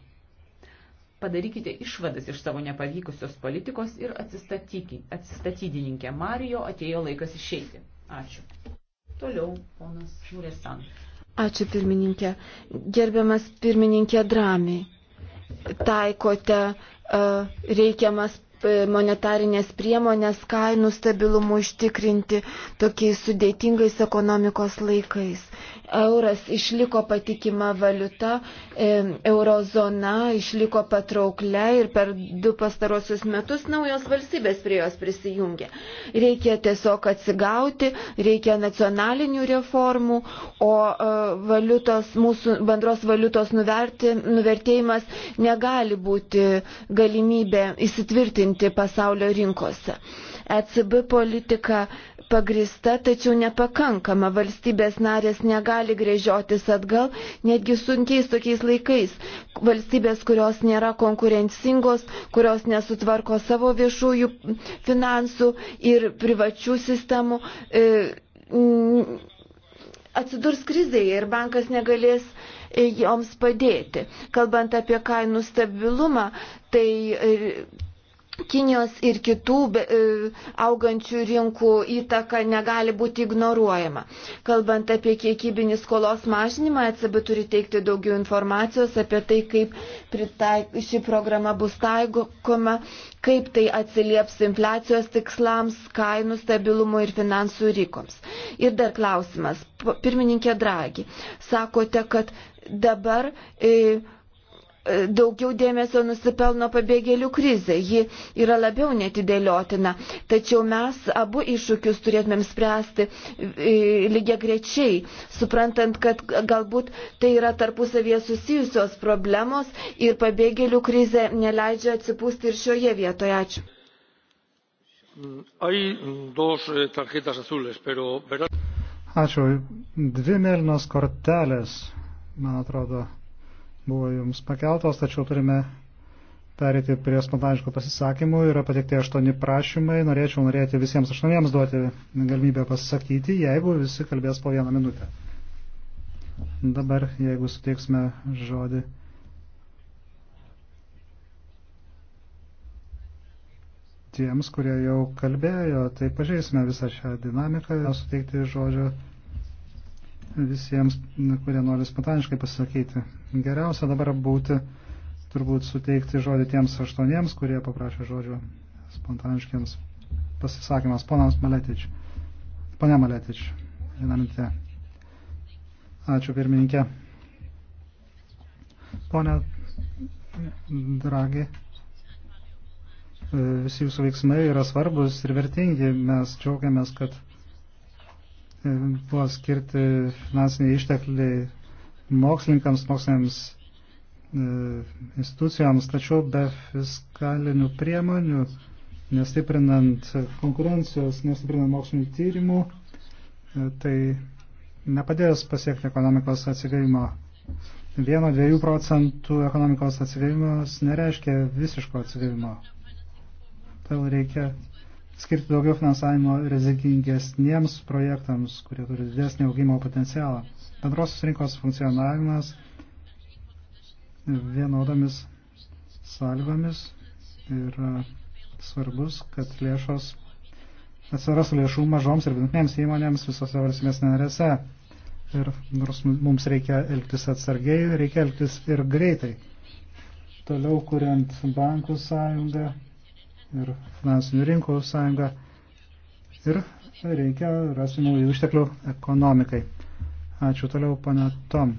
Padarykite išvadas iš savo nepavykusios politikos ir atsistatykite. Atsistatydininkė Marijo atėjo laikas išeiti. Ačiū. Toliau ponas Muresan. Ačiū pirmininkė. Gerbiamas pirmininkė Drami, taikote uh, reikiamas e, monetarinės priemonės kainų stabilumų užtikrinti tokiais sudėtingais ekonomikos laikais euras išliko patikima valiuta, e, eurozona išliko patrauklia ir per du pastarosius metus naujos valstybės prie jos prisijungė. Reikia tiesiog atsigauti, reikia nacionalinių reformų, o e, valiutos, mūsų bendros valiutos nuverti, nuvertėjimas negali būti galimybė įsitvirtinti pasaulio rinkose. ECB politika pagrista, tačiau nepakankama. Valstybės narės negali grėžiotis atgal, netgi sunkiais tokiais laikais. Valstybės, kurios nėra konkurencingos, kurios nesutvarko savo viešųjų finansų ir privačių sistemų. E, atsidurs krizėje ir bankas negalės e, joms padėti. Kalbant apie kainų stabilumą, tai e, Kinijos ir kitų e, augančių rinkų įtaka negali būti ignoruojama. Kalbant apie kiekybinį skolos mažinimą, ECB turi teikti daugiau informacijos apie tai, kaip pritaik, ši programa bus taikoma, kaip tai atsilieps infliacijos tikslams, kainų stabilumui ir finansų rykoms. Ir dar klausimas. Pirmininkė Dragi, sakote, kad dabar. E, E, daugiau dėmesio nusipelno pabėgėlių krizė. Ji yra labiau netidėliotina. Tačiau mes abu iššūkius turėtumėm spręsti e, lygiai grečiai, suprantant, kad galbūt tai yra tarpusavie susijusios problemos ir pabėgėlių krizė neleidžia atsipūsti ir šioje vietoje. Ačiū. Eh, Ačiū. Dvi mėlynos kortelės, man atrodo buvo jums pakeltos, tačiau turime perėti prie spontaniškų pasisakymų. Yra patikti aštuoni prašymai. Norėčiau norėti visiems aštuoniems duoti galimybę pasisakyti, jeigu visi kalbės po vieną minutę. Dabar, jeigu suteiksime žodį. Tiems, kurie jau kalbėjo, tai pažeisime visą šią dinamiką, suteikti žodžio visiems, kurie nori spontaniškai pasakyti. Geriausia dabar būti, turbūt suteikti žodį tiems aštuoniems, kurie paprašė žodžio spontaniškiams pasisakymams. Ponas Maletič. Pone Maletič, vieną minutę. Ačiū pirmininkė. Pone Dragi, visi jūsų veiksmai yra svarbus ir vertingi. Mes džiaugiamės, kad buvo skirti finansiniai ištekliai mokslininkams, moksliniams e, institucijoms, tačiau be fiskalinių priemonių, nestiprinant konkurencijos, nestiprinant mokslinių tyrimų, e, tai nepadės pasiekti ekonomikos atsigavimo. 1-2 procentų ekonomikos atsigavimas nereiškia visiško atsigavimo. Tai reikia skirti daugiau finansavimo rizikingesniems projektams, kurie turi didesnį augimo potencialą. Bendrosios rinkos funkcionavimas vienodomis sąlygomis yra svarbus, kad lėšos atsiras lėšų mažoms ir vidutinėms įmonėms visose valstybės narėse. Ir nors mums reikia elgtis atsargiai, reikia elgtis ir greitai. Toliau kuriant bankų sąjungą, ir finansinių rinkų sąjunga. Ir reikia rasti naujų išteklių ekonomikai. Ačiū toliau, pana Tom.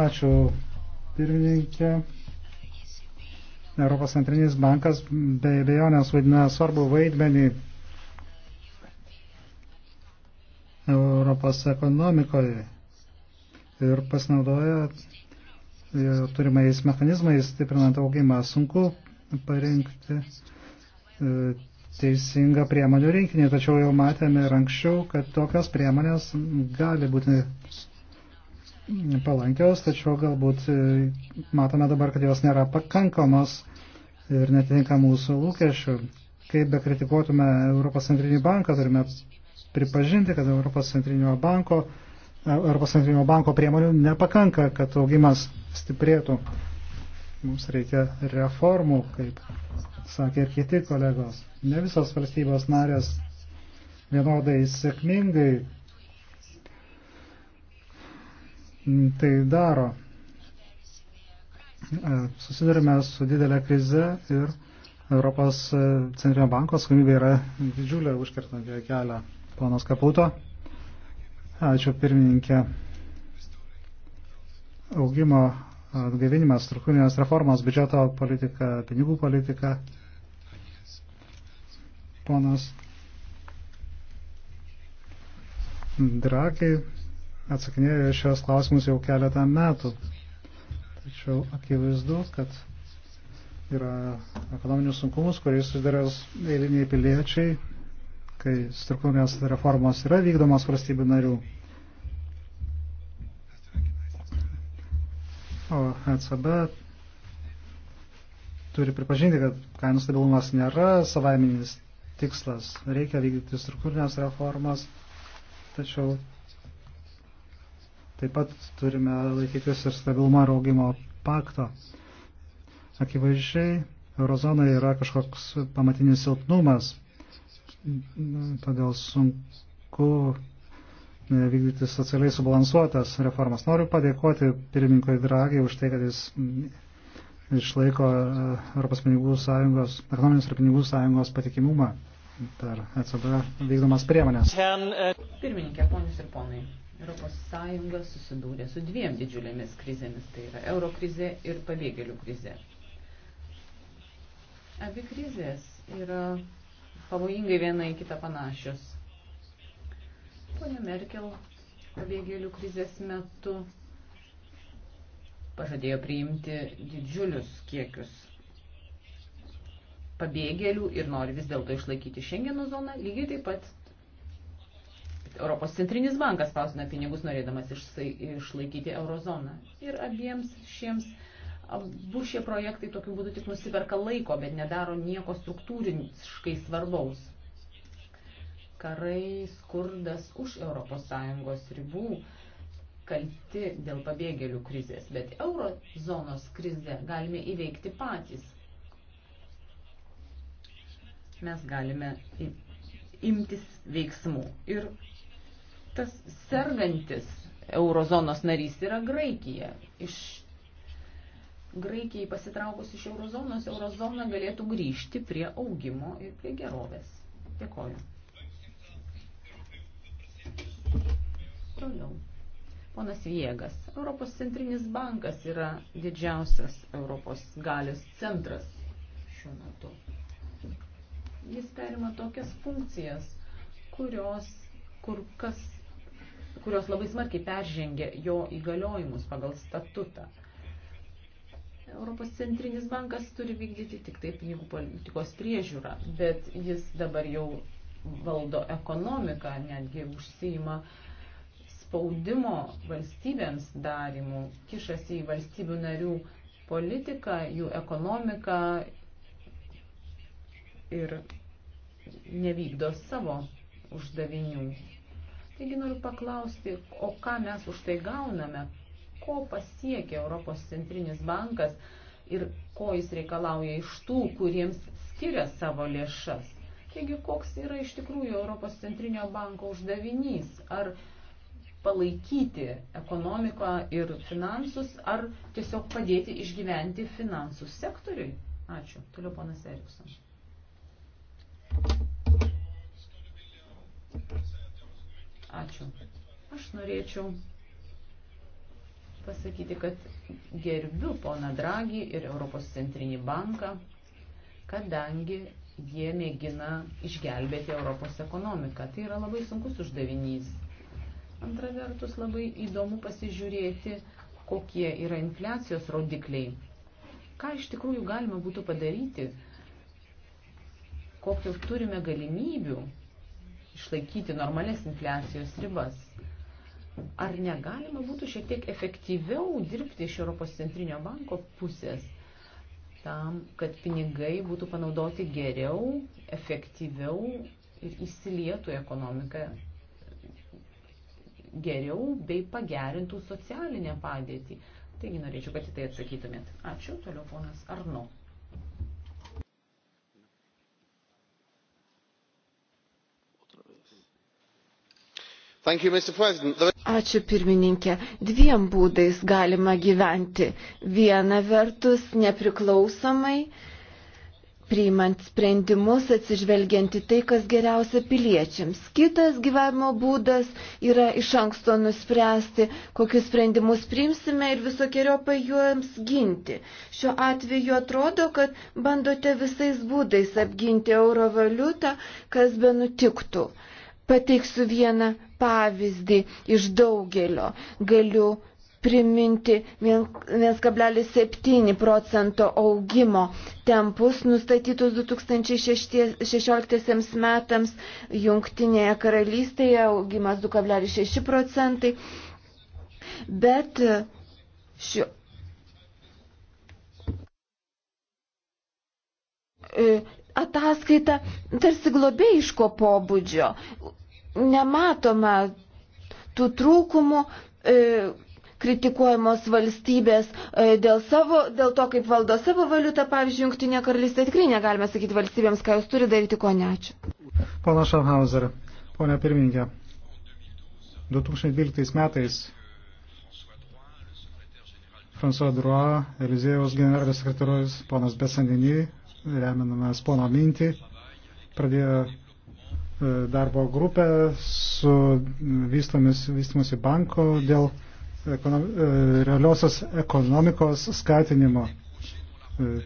Ačiū, pirmininkė. Europos centrinis bankas be abejonės vaidina svarbu vaidmenį Europos ekonomikoje ir pasinaudoja turimais mechanizmais, stiprinant augimą, sunku parinkti e, teisingą priemonių rinkinį, tačiau jau matėme ir anksčiau, kad tokios priemonės gali būti palankios, tačiau galbūt e, matome dabar, kad jos nėra pakankamos ir netinka mūsų lūkesčių. Kaip be kritikuotume Europos centrinį banką, turime pripažinti, kad Europos centrinio banko, Europos centrinio banko priemonių nepakanka, kad augimas stiprėtų. Mums reikia reformų, kaip sakė ir kiti kolegos. Ne visos valstybės narės vienodai sėkmingai tai daro. E, susidurime su didelė krize ir Europos Centrinio banko atsakomybė yra didžiulė užkertant kelią. Ponas Kaputo, ačiū pirmininkė. Augimo atgaivinimas, struktūrinės reformos, biudžeto politika, pinigų politika. Ponas Drakai atsakinėjo šios klausimus jau keletą metų. Tačiau akivaizdu, kad yra ekonominius sunkumus, kuriais susidarės eiliniai piliečiai, kai struktūrinės reformos yra vykdomos valstybių narių. O ECB turi pripažinti, kad kainų stabilumas nėra savaiminis tikslas. Reikia vykdyti struktūrinės reformas, tačiau taip pat turime laikytis ir stabilumo ir augimo pakto. Akivaizdžiai, eurozona yra kažkoks pamatinis silpnumas, todėl sunku E, vykdyti socialiai subalansuotas reformas. Noriu padėkoti pirmininkui Dragiai už tai, kad jis mm, išlaiko e, Europos pinigų sąjungos, ekonominės ir pinigų sąjungos patikimumą per ECB vykdomas priemonės. Pirmininkė, ponius ir ponai, Europos sąjunga susidūrė su dviem didžiulėmis krizėmis, tai yra euro krizė ir pabėgėlių krizė. Abi krizės yra pavojingai viena į kitą panašios Pone Merkel pabėgėlių krizės metu pažadėjo priimti didžiulius kiekius pabėgėlių ir nori vis dėlto išlaikyti Schengeno zoną, lygiai taip pat Europos centrinis bankas spausina pinigus norėdamas išlaikyti eurozoną. Ir abiems šiems, abu šie projektai tokiu būdu tik nusiperka laiko, bet nedaro nieko struktūriškai svarbaus karai, skurdas už ES ribų kalti dėl pabėgėlių krizės, bet eurozonos krizę galime įveikti patys. Mes galime imtis veiksmų. Ir tas sergantis eurozonos narys yra Graikija. Iš Graikijai pasitraukus iš eurozonos, eurozona galėtų grįžti prie augimo ir prie gerovės. Dėkoju. Toliau. Ponas Viegas. Europos centrinis bankas yra didžiausias Europos galios centras šiuo metu. Jis perima tokias funkcijas, kurios, kur kas, kurios labai smarkiai peržengia jo įgaliojimus pagal statutą. Europos centrinis bankas turi vykdyti tik taip pinigų politikos priežiūrą, bet jis dabar jau valdo ekonomiką, netgi užsijima uh, spaudimo valstybėms darimų, kišasi į valstybių narių politiką, jų ekonomiką ir nevykdo savo uždavinių. Taigi noriu paklausti, o ką mes už tai gauname, ko pasiekia Europos centrinis bankas ir ko jis reikalauja iš tų, kuriems skiria savo lėšas. Taigi koks yra iš tikrųjų Europos centrinio banko uždavinys? Ar palaikyti ekonomiką ir finansus, ar tiesiog padėti išgyventi finansų sektoriui? Ačiū. Toliau ponas Erikson. Ačiū. Aš norėčiau pasakyti, kad gerbiu poną Dragį ir Europos centrinį banką, kadangi jie mėgina išgelbėti Europos ekonomiką. Tai yra labai sunkus uždavinys. Antra vertus, labai įdomu pasižiūrėti, kokie yra infliacijos rodikliai. Ką iš tikrųjų galima būtų padaryti, kokio turime galimybių išlaikyti normales infliacijos ribas. Ar negalima būtų šiek tiek efektyviau dirbti iš Europos centrinio banko pusės, tam, kad pinigai būtų panaudoti geriau, efektyviau ir įsilietų ekonomiką geriau bei pagerintų socialinę padėtį. Taigi norėčiau, kad į tai atsakytumėt. Ačiū, toliau ponas Arno. You, Ačiū pirmininkė. Dviem būdais galima gyventi. Viena vertus nepriklausomai priimant sprendimus atsižvelgianti tai, kas geriausia piliečiams. Kitas gyvenimo būdas yra iš anksto nuspręsti, kokius sprendimus priimsime ir visokiojopai juos ginti. Šiuo atveju atrodo, kad bandote visais būdais apginti euro valiutą, kas be nutiktų. Pateiksiu vieną pavyzdį iš daugelio. Galiu priminti 1,7 procento augimo tempus nustatytus 2016 metams, jungtinėje karalystėje augimas 2,6 procentai, bet e, šio e, ataskaita tarsi globėjiško pobūdžio. Nematoma tų trūkumų, e, kritikuojamos valstybės e, dėl, savo, dėl to, kaip valdo savo valiutą, pavyzdžiui, Junktinė karalystė, tikrai negalime sakyti valstybėms, ką jūs turi daryti, ko ne. Ačiū. Pana Šafhauser, ponia pirmininkė, 2012 metais François Droa, Elizėjaus generalinis sekretorius, ponas Besanini, reminamas pono mintį, pradėjo e, darbo grupę su vystomis, vystimusi banko dėl ekonom, e, realiosios ekonomikos skatinimo. E,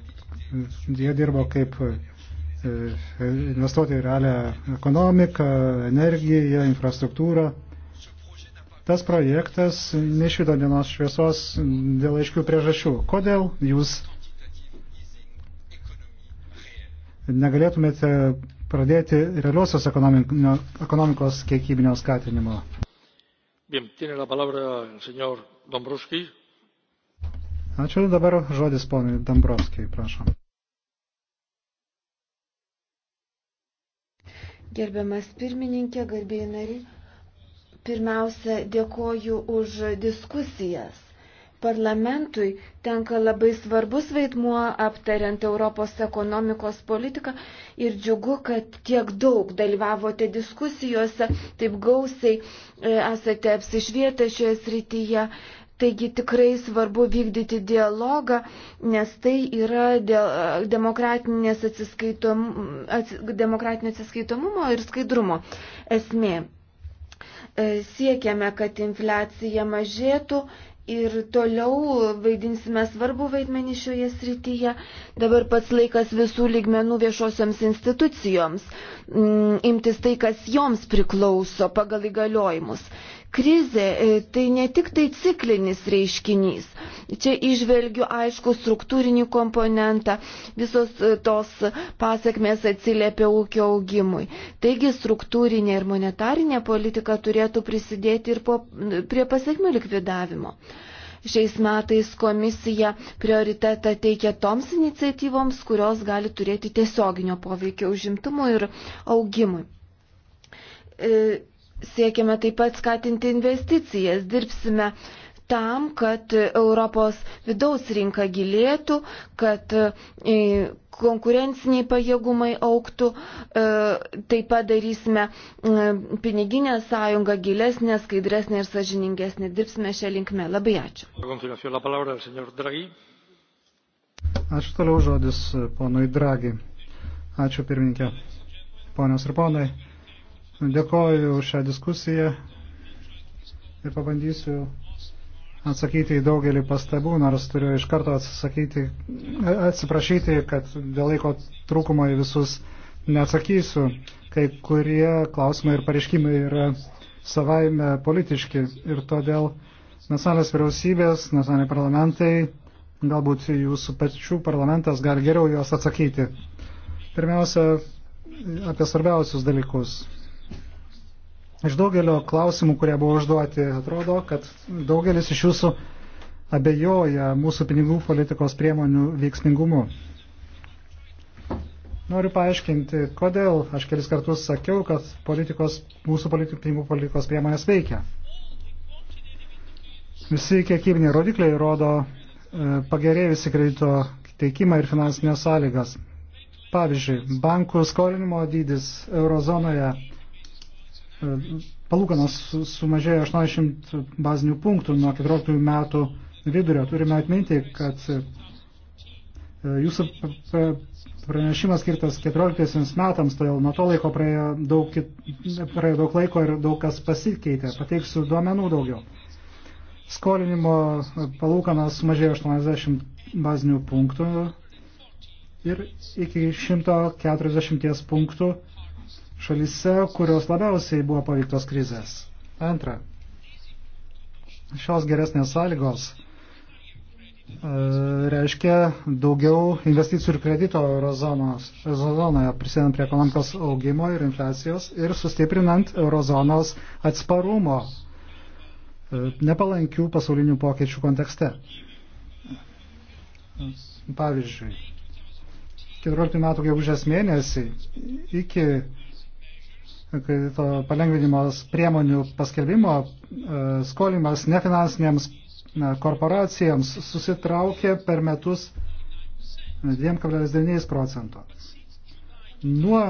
jie dirbo kaip e, investuoti į realią ekonomiką, energiją, infrastruktūrą. Tas projektas nešvito dienos šviesos dėl aiškių priežasčių. Kodėl jūs negalėtumėte pradėti realiosios ekonomikos kiekybinio skatinimo? Bien, tiene la palabra el señor Dombrovskis. Ačiū, dabar žodis ponui Dombrovskijai, prašom. Gerbiamas pirmininkė, garbėjai nariai, pirmiausia, dėkoju už diskusijas. Parlamentui tenka labai svarbus vaidmuo aptariant Europos ekonomikos politiką ir džiugu, kad tiek daug dalyvavote diskusijose, taip gausiai e, esate apsišvietę šioje srityje. Taigi tikrai svarbu vykdyti dialogą, nes tai yra e, demokratinės atsiskaitom, ats, demokratinio atsiskaitomumo ir skaidrumo esmė. E, siekiame, kad infliacija mažėtų ir toliau vaidinsime svarbu vaidmenį šioje srityje. Dabar pats laikas visų lygmenų viešosioms institucijoms mm, imtis tai, kas joms priklauso pagal įgaliojimus. Krizė e, tai ne tik tai ciklinis reiškinys. Čia išvelgiu aišku struktūrinį komponentą, visos e, tos pasiekmes atsiliepia ūkio augimui. Taigi struktūrinė ir monetarinė politika turėtų prisidėti ir po, e, prie pasiekmių likvidavimo. Šiais metais komisija prioritetą teikia toms iniciatyvoms, kurios gali turėti tiesioginio poveikio užimtumui ir augimui. E, siekiame taip pat skatinti investicijas, dirbsime tam, kad Europos vidaus rinka gilėtų, kad e, konkurenciniai pajėgumai auktų, e, taip pat darysime e, piniginę sąjungą gilesnę, skaidresnę ir sažiningesnę. Dirbsime šią linkmę. Labai ačiū. Ačiū toliau žodis ponui Dragi. Ačiū pirmininkė. Ponios ir ponai. Dėkoju už šią diskusiją ir pabandysiu atsakyti į daugelį pastabų, nors turiu iš karto atsisakyti, atsiprašyti, kad dėl laiko trūkumo į visus neatsakysiu. Kai kurie klausimai ir pareiškimai yra savaime politiški ir todėl nacionalinės vyriausybės, nacionaliniai parlamentai, galbūt jūsų pačių parlamentas gali geriau juos atsakyti. Pirmiausia, apie svarbiausius dalykus. Iš daugelio klausimų, kurie buvo užduoti, atrodo, kad daugelis iš jūsų abejoja mūsų pinigų politikos priemonių veiksmingumu. Noriu paaiškinti, kodėl aš kelis kartus sakiau, kad politikos, mūsų politikų, pinigų politikos priemonės veikia. Visi kiekybiniai rodikliai rodo e, pagerėjusi kredito teikimą ir finansinės sąlygas. Pavyzdžiui, bankų skolinimo dydis eurozonoje palūkanos sumažėjo 80 bazinių punktų nuo 14 metų vidurio. Turime atminti, kad e, jūsų pranešimas skirtas 14 metams, todėl nuo to laiko praėjo daug, praėjo daug laiko ir daug kas pasikeitė. Pateiksiu duomenų daugiau. Skolinimo palūkanas sumažėjo 80 bazinių punktų ir iki 140 punktų šalise, kurios labiausiai buvo paveiktos krizės. Antra, šios geresnės sąlygos e, reiškia daugiau investicijų ir kredito eurozonoje, prisidant prie ekonomikos augimo ir infliacijos ir sustiprinant eurozonos atsparumo e, nepalankių pasaulinių pokyčių kontekste. Pavyzdžiui, 14 metų gegužės mėnesį iki kredito palengvinimos priemonių paskelbimo e, skolimas nefinansinėms korporacijams susitraukė per metus 2,9 procento. Nuo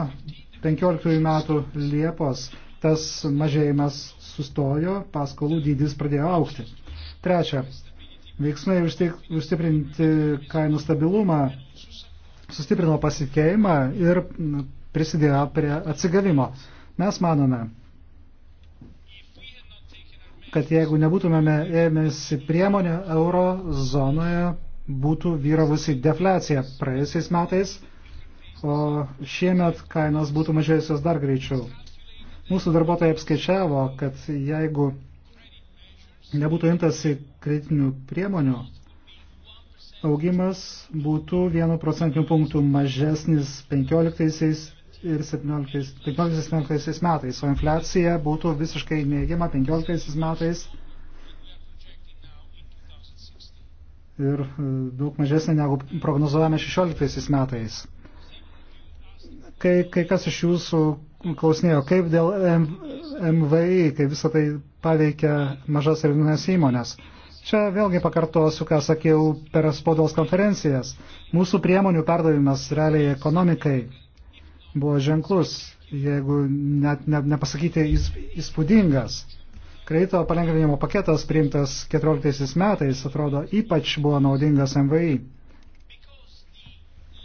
15 metų Liepos tas mažėjimas sustojo, paskolų dydis pradėjo aukti. Trečia, veiksmai užstiprinti kainų stabilumą sustiprino pasikeimą ir prisidėjo prie atsigavimo. Mes manome, kad jeigu nebūtumėme ėmėsi priemonę, euro zonoje būtų vyravusi deflecija praėjusiais metais, o šiemet kainos būtų mažėjusios dar greičiau. Mūsų darbuotojai apskaičiavo, kad jeigu nebūtų imtasi kritinių priemonių, augimas būtų 1 procentinių punktų mažesnis 15 ir 15-17 metais, o infliacija būtų visiškai neigiama 15 metais ir e, daug mažesnė negu prognozuojame 16 metais. Kai, kai kas iš jūsų klausinėjo, kaip dėl M, MVI, kai visą tai paveikia mažas ir vienas įmonės. Čia vėlgi pakartosiu, ką sakiau per spaudos konferencijas. Mūsų priemonių perdavimas realiai ekonomikai buvo ženklus, jeigu net ne, nepasakyti įspūdingas. Kreito palengvinimo paketas priimtas 14 metais, atrodo, ypač buvo naudingas MVI,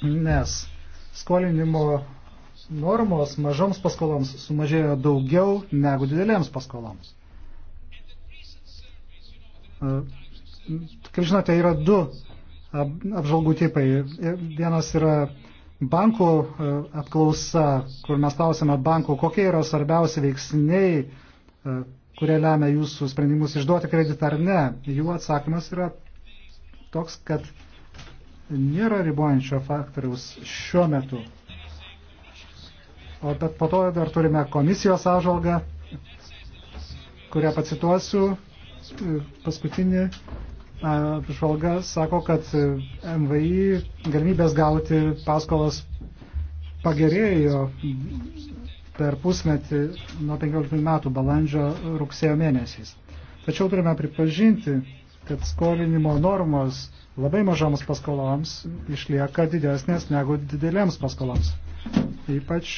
nes skolinimo normos mažoms paskoloms sumažėjo daugiau negu didelėms paskoloms. E, kaip žinote, yra du apžvalgų tipai. Vienas yra bankų e, apklausa, kur mes klausėme bankų, kokie yra svarbiausi veiksniai, e, kurie lemia jūsų sprendimus išduoti kreditą ar ne, jų atsakymas yra toks, kad nėra ribojančio faktoriaus šiuo metu. O bet po to dar turime komisijos apžvalgą, kurią pacituosiu e, paskutinį apžvalga sako, kad MVI galimybės gauti paskolas pagerėjo per pusmetį nuo 15 metų balandžio rugsėjo mėnesiais. Tačiau turime pripažinti, kad skolinimo normos labai mažoms paskoloms išlieka didesnės negu didelėms paskoloms. Ypač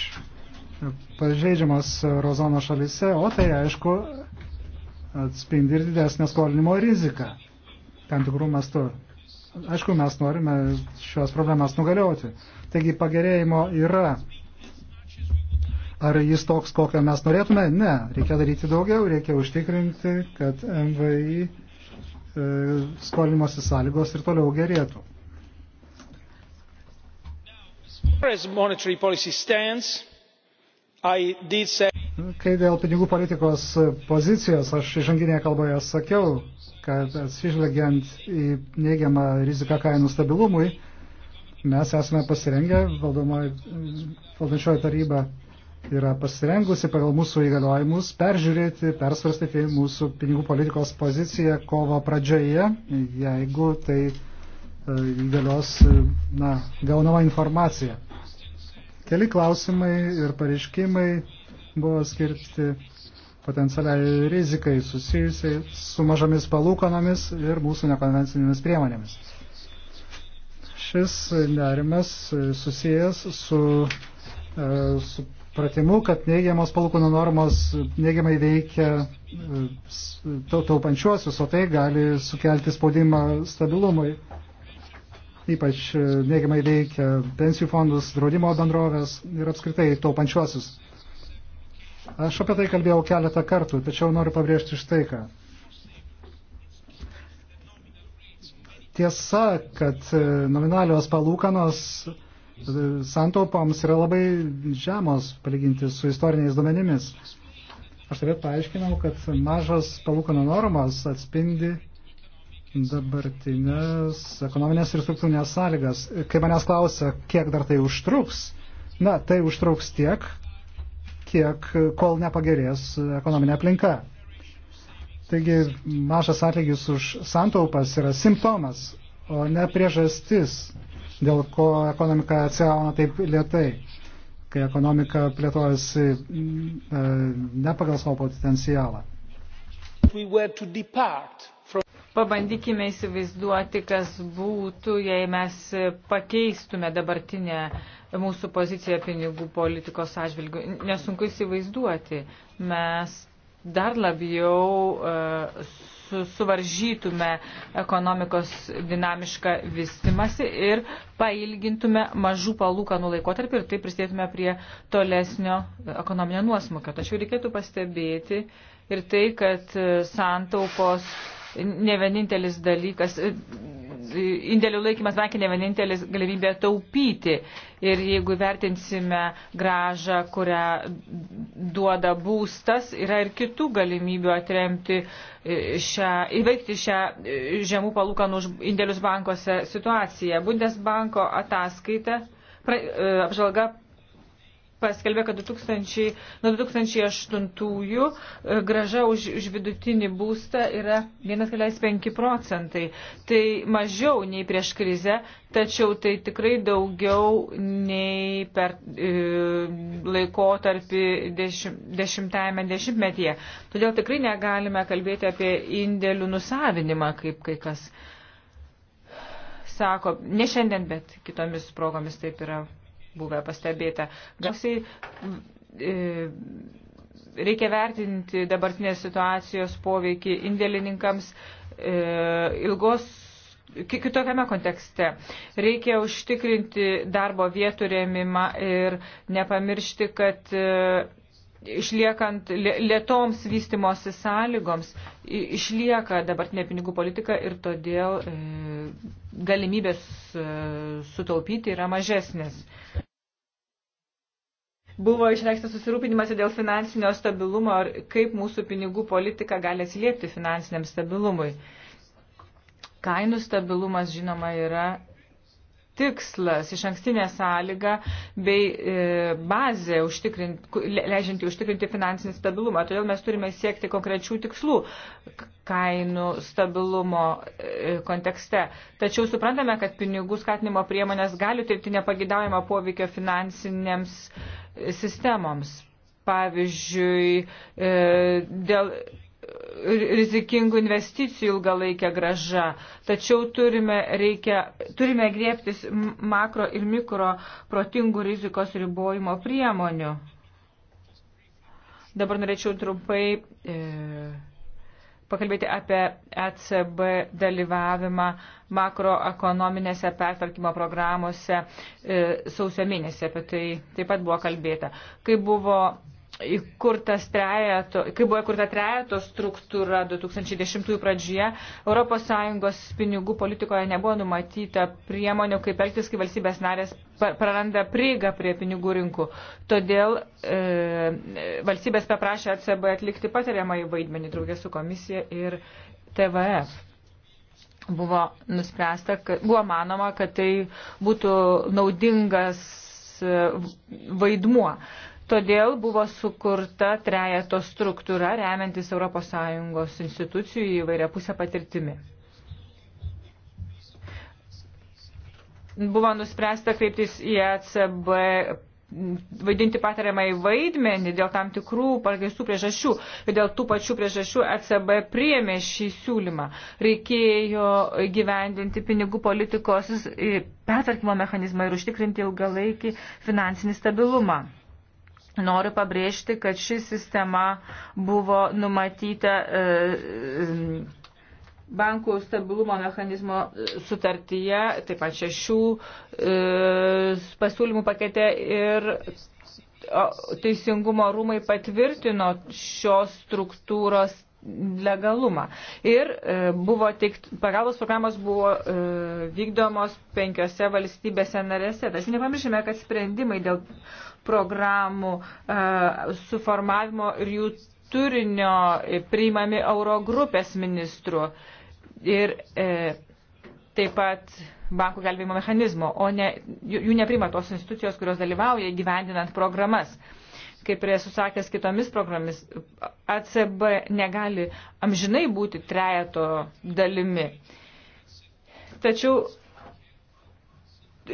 pažeidžiamas Rozono šalise, o tai aišku atspindi ir didesnę skolinimo riziką tam tikrų mastų. Aišku, mes norime šios problemas nugalioti. Taigi pagerėjimo yra. Ar jis toks, kokio mes norėtume? Ne. Reikia daryti daugiau, reikia užtikrinti, kad MVI e, skolimosi sąlygos ir toliau gerėtų. Kai dėl pinigų politikos pozicijos, aš išanginėje kalboje sakiau, kad atsižvelgiant į neigiamą riziką kainų stabilumui, mes esame pasirengę, valdančioji taryba yra pasirengusi pagal mūsų įgaliojimus peržiūrėti, persvarstyti mūsų pinigų politikos poziciją kovo pradžioje, jeigu tai e, įgalios e, na, gaunama informacija. Keli klausimai ir pareiškimai buvo skirti potencialiai rizikai susijusiai su mažomis palūkanomis ir mūsų nekonvencinėmis priemonėmis. Šis nerimas susijęs su, e, su pratimu, kad neigiamos palūkanų normos neigiamai veikia e, taupančiuosius, o tai gali sukelti spaudimą stabilumui. Ypač e, neigiamai veikia pensijų fondus, draudimo bendrovės ir apskritai taupančiuosius. Aš apie tai kalbėjau keletą kartų, tačiau noriu pabrėžti štai ką. Tiesa, kad e, nominalios palūkanos e, santaupoms yra labai žemos palyginti su istoriniais duomenimis. Aš taip paaiškinau, kad mažos palūkanų normos atspindi dabartinės ekonominės ir struktūrinės sąlygas. Kai manęs klausia, kiek dar tai užtruks, na, tai užtruks tiek, tiek, kol nepagerės ekonominė aplinka. Taigi mažas atlygis už santaupas yra simptomas, o ne priežastis, dėl ko ekonomika atsiauna taip lietai, kai ekonomika plėtojasi e, ne pagal savo potencialą. Pabandykime įsivaizduoti, kas būtų, jei mes pakeistume dabartinę mūsų poziciją pinigų politikos atžvilgių. Nesunku įsivaizduoti, mes dar labiau e, su, suvaržytume ekonomikos dinamišką vystimasi ir pailgintume mažų palūkanų laikotarpį ir taip prisidėtume prie tolesnio ekonominio nuosmukio. Tačiau reikėtų pastebėti ir tai, kad e, santaupos ne vienintelis dalykas, indėlių laikymas bankė ne vienintelis galimybė taupyti. Ir jeigu vertinsime gražą, kurią duoda būstas, yra ir kitų galimybių atremti e, šią, įveikti šią e, žemų palūkanų indėlius bankose situaciją. Bundesbanko ataskaita, pra, e, apžvalga paskelbė, kad 2000, nuo 2008-ųjų e, graža už, už vidutinį būstą yra 1,5 procentai. Tai mažiau nei prieš krizę, tačiau tai tikrai daugiau nei per e, laikotarpį dešim, dešimtajame dešimtmetyje. Todėl tikrai negalime kalbėti apie indėlių nusavinimą, kaip kai kas sako. Ne šiandien, bet kitomis progomis taip yra buvę pastebėta. Galiausiai e, reikia vertinti dabartinės situacijos poveikį indėlininkams e, ilgos kitokiame kontekste. Reikia užtikrinti darbo vietų rėmimą ir nepamiršti, kad e, išliekant lietoms vystimosi sąlygoms, išlieka dabartinė pinigų politika ir todėl e, galimybės e, sutaupyti yra mažesnės. Buvo išreikštas susirūpinimas dėl finansinio stabilumo ir kaip mūsų pinigų politika gali atsiliepti finansiniam stabilumui. Kainų stabilumas, žinoma, yra tikslas, iš ankstinė sąlyga bei e, bazė, užtikrint, leidžianti užtikrinti finansinį stabilumą. Todėl mes turime siekti konkrečių tikslų kainų stabilumo e, kontekste. Tačiau suprantame, kad pinigų skatinimo priemonės gali turėti nepagidaujamą poveikio finansinėms e, sistemoms. Pavyzdžiui, e, dėl rizikingų investicijų ilgalaikė graža. Tačiau turime, reikia, turime griebtis makro ir mikro protingų rizikos ribojimo priemonių. Dabar norėčiau trumpai e, pakalbėti apie ECB dalyvavimą makroekonominėse pertvarkymo programuose e, sausio mėnesį. Apie tai taip pat buvo kalbėta. Kai buvo įkurtas trejato, kai buvo įkurta trejato struktūra 2010 pradžioje, ES pinigų politikoje nebuvo numatyta priemonių, kaip elgtis, kai valstybės narės praranda prieigą prie pinigų rinkų. Todėl e, valstybės paprašė ECB atlikti patariamąjį vaidmenį draugė su komisija ir TVF buvo nuspręsta, kad, buvo manoma, kad tai būtų naudingas e, vaidmuo. Todėl buvo sukurta trejato struktūra remiantis ES institucijų įvairia pusę patirtimi. Buvo nuspręsta kreiptis į ECB vaidinti patariamąjį vaidmenį dėl tam tikrų pagrįstų priežasčių. Ir dėl tų pačių priežasčių ECB priėmė šį siūlymą. Reikėjo gyvendinti pinigų politikos pertvarkymo mechanizmą ir užtikrinti ilgalaikį finansinį stabilumą. Noriu pabrėžti, kad ši sistema buvo numatyta e, e, bankų stabilumo mechanizmo e, sutartyje, taip pat šešių pasiūlymų pakete ir Teisingumo rūmai patvirtino šios struktūros legalumą. Ir buvo tik, pagalbos programos buvo vykdomos penkiose valstybėse narėse. Tačiau nepamiršime, kad sprendimai dėl programų e, suformavimo ir jų turinio priimami Eurogrupės ministrų ir e, taip pat bankų gelbėjimo mechanizmo, o ne, jų neprima tos institucijos, kurios dalyvauja gyvendinant programas. Kaip ir esu sakęs kitomis programomis, ACB negali amžinai būti trejato dalimi. Tačiau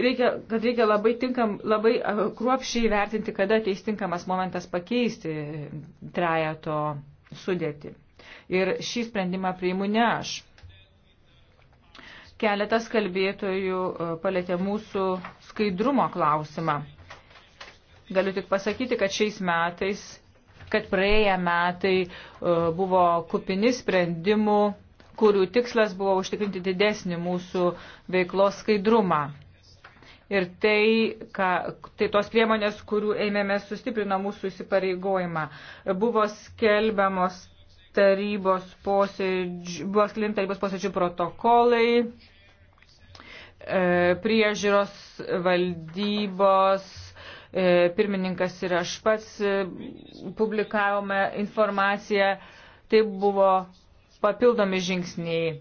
reikia, kad reikia labai, tinkam, labai kruopšiai vertinti, kada ateis tinkamas momentas pakeisti trejato sudėti. Ir šį sprendimą priimu ne aš. Keletas kalbėtojų palėtė mūsų skaidrumo klausimą. Galiu tik pasakyti, kad šiais metais, kad praėję metai buvo kupini sprendimų kurių tikslas buvo užtikrinti didesnį mūsų veiklos skaidrumą. Ir tai, ką, tai tos priemonės, kurių ėmėme, sustiprino mūsų įsipareigojimą. Buvo skelbiamos tarybos posėdžių, buvo sklinti tarybos posėdžių protokolai, e, priežiūros valdybos, e, pirmininkas ir aš pats e, publikavome informaciją. Tai buvo papildomi žingsniai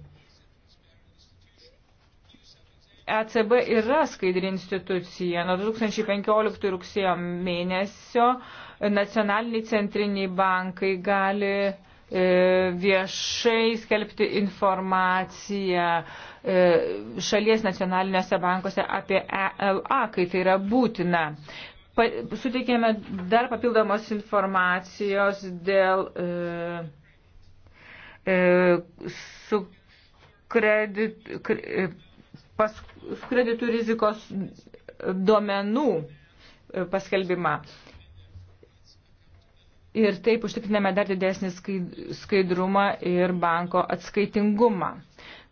ECB yra skaidri institucija. Nuo 2015 rugsėjo mėnesio nacionaliniai centriniai bankai gali e, viešai skelbti informaciją e, šalies nacionaliniuose bankuose apie ELA, kai tai yra būtina. Suteikėme dar papildomos informacijos dėl e, e, su kredit, kre, pas, kreditų rizikos duomenų e, paskelbimą. Ir taip užtikriname dar didesnį skaidrumą ir banko atskaitingumą.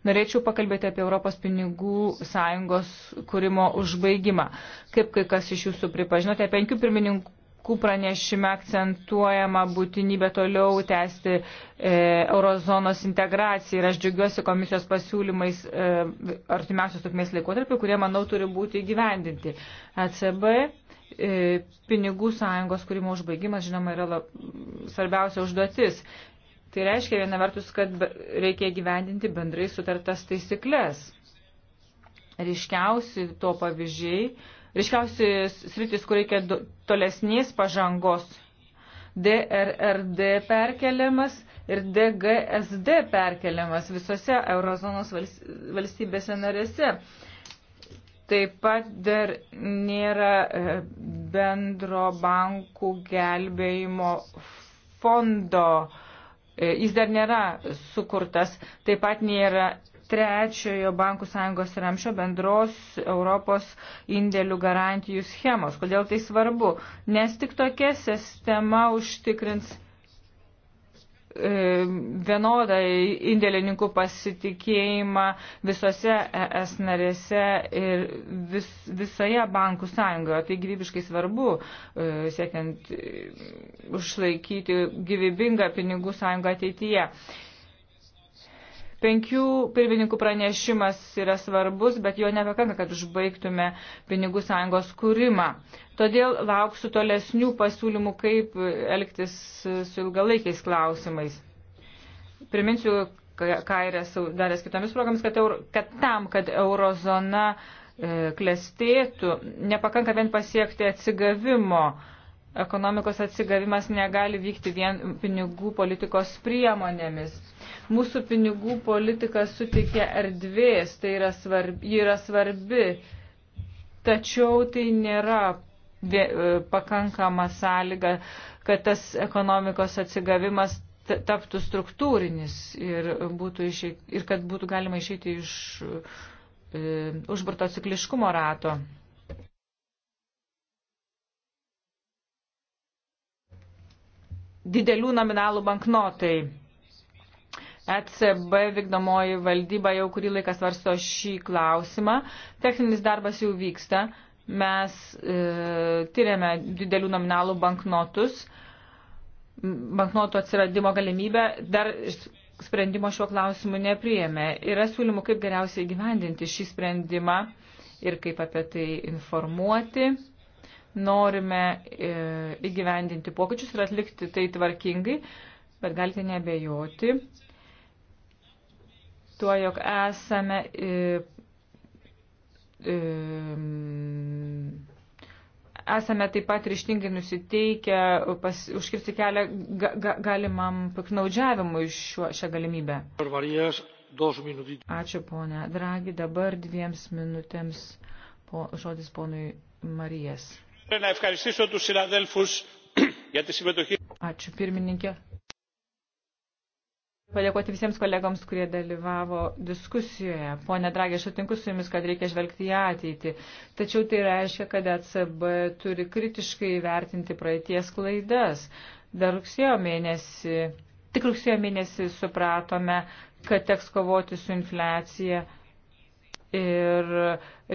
Norėčiau pakalbėti apie Europos pinigų sąjungos kūrimo užbaigimą. Kaip kai kas iš jūsų pripažinote, penkių pirmininkų Paskų pranešime akcentuojama būtinybė toliau tęsti e, eurozonos integraciją ir aš džiaugiuosi komisijos pasiūlymais e, artimiausios trukmės laikotarpiu, kurie, manau, turi būti įgyvendinti. ECB e, pinigų sąjungos kūrimo užbaigimas, žinoma, yra lab, svarbiausia užduotis. Tai reiškia viena vertus, kad reikia gyvendinti bendrai sutartas taisyklės. Ryškiausi to pavyzdžiai Ryškiausi sritis, kur reikia tolesnės pažangos DRRD perkeliamas ir DGSD perkeliamas visose eurozonos valstybėse narėse. Taip pat dar nėra e, bendro bankų gelbėjimo fondo. E, jis dar nėra sukurtas, taip pat nėra trečiojo bankų sąjungos ramšio bendros Europos indėlių garantijų schemos. Kodėl tai svarbu? Nes tik tokia sistema užtikrins e, vienodą indėlininkų pasitikėjimą visose ES narėse ir vis, visoje bankų sąjungoje. Tai gyvybiškai svarbu, e, siekiant e, užlaikyti gyvybingą pinigų sąjungą ateityje. Penkių pirmininkų pranešimas yra svarbus, bet jo nepakanka, kad užbaigtume pinigų sąjungos kūrimą. Todėl lauksiu tolesnių pasiūlymų, kaip elgtis su ilgalaikiais klausimais. Priminsiu, ką yra daręs kitomis programomis, kad, euro, kad tam, kad eurozona e, klestėtų, nepakanka vien pasiekti atsigavimo ekonomikos atsigavimas negali vykti vien pinigų politikos priemonėmis. Mūsų pinigų politika suteikia erdvės, tai yra svarbi, yra svarbi tačiau tai nėra e, pakankama sąlyga, kad tas ekonomikos atsigavimas taptų struktūrinis ir, būtų išeik, ir kad būtų galima išeiti iš e, užburto cikliškumo rato. Didelių nominalų banknotai ECB vykdomoji valdyba jau kurį laiką svarsto šį klausimą. Techninis darbas jau vyksta. Mes e, tyriame didelių nominalų banknotus, banknotų atsiradimo galimybę. Dar sprendimo šiuo klausimu nepriėmė. Yra siūlymų, kaip geriausiai gyvendinti šį sprendimą ir kaip apie tai informuoti. Norime e, įgyvendinti pokyčius ir atlikti tai tvarkingai, bet galite nebejoti, tuo, jog esame i, e, i, e, esame taip pat ryštingai nusiteikę pas, užkirsti kelią ga, ga, galimam piknaudžiavimui šiuo, šią galimybę. Ačiū ponia Dragi, dabar dviems minutėms po, žodis ponui Marijas. [clears throat] Ačiū pirmininkė padėkoti visiems kolegoms, kurie dalyvavo diskusijoje. Pone Dragė, aš sutinku su jumis, kad reikia žvelgti į ateitį. Tačiau tai reiškia, kad ECB turi kritiškai vertinti praeities klaidas. Dar rugsėjo mėnesį, tik rugsėjo mėnesį supratome, kad teks kovoti su infliacija ir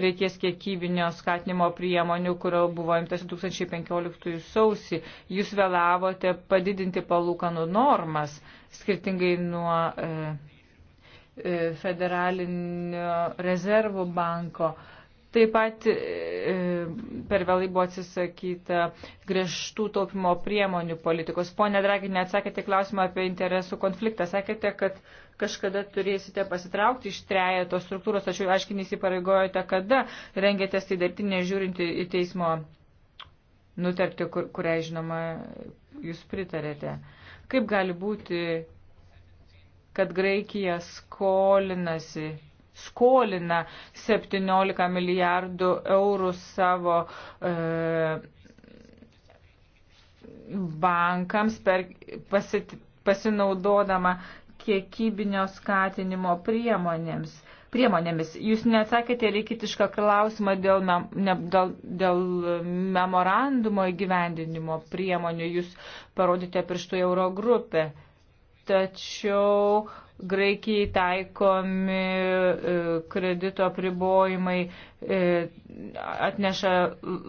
reikės kiekybinio skatinimo priemonių, kurio buvo imtas 2015 sausį. Jūs vėlavote padidinti palūkanų normas, skirtingai nuo e, e federalinio rezervų banko. E, Taip pat e, per vėlai buvo atsisakyta griežtų taupimo priemonių politikos. Pone Dragi, neatsakėte klausimą apie interesų konfliktą. Sakėte, kad kažkada turėsite pasitraukti iš trejeto struktūros, tačiau aiškiai neįsipareigojote, kada rengėtės tai daryti, nežiūrinti į teismo nutartį, kur, kuriai, žinoma, jūs pritarėte. Kaip gali būti, kad Graikija skolinasi skolina 17 milijardų eurų savo e, bankams per, pasit, pasinaudodama kiekybinio skatinimo priemonėms. Priemonėmis. Jūs neatsakėte reikitišką klausimą dėl, mem, ne, dėl, dėl memorandumo įgyvendinimo priemonių. Jūs parodėte pirštų euro grupę. Tačiau uh, Graikijai taikomi e, kredito apribojimai e, atneša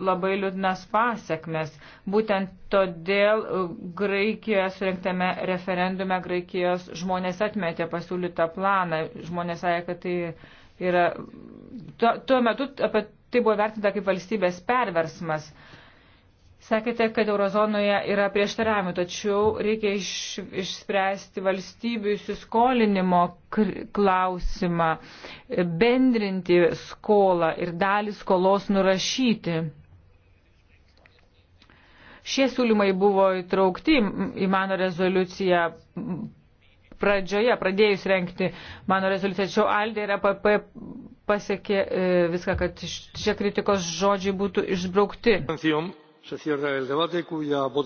labai liūdnas pasiekmes. Būtent todėl e, Graikijoje surinktame referendume Graikijos žmonės atmetė pasiūlytą planą. Žmonės sąja, kad tai yra. Tuo, tuo metu apie tai buvo vertinta kaip valstybės perversmas. Sakėte, kad eurozonoje yra prieštaravimų, tačiau reikia iš, išspręsti valstybių įsiskolinimo klausimą, bendrinti skolą ir dalį skolos nurašyti. Šie siūlymai buvo įtraukti į mano rezoliuciją pradžioje, pradėjus renkti mano rezoliuciją, tačiau Aldė ir APP pasiekė e, viską, kad šie kritikos žodžiai būtų išbraukti. Ancium se cierra el debate cuya votación será mañana.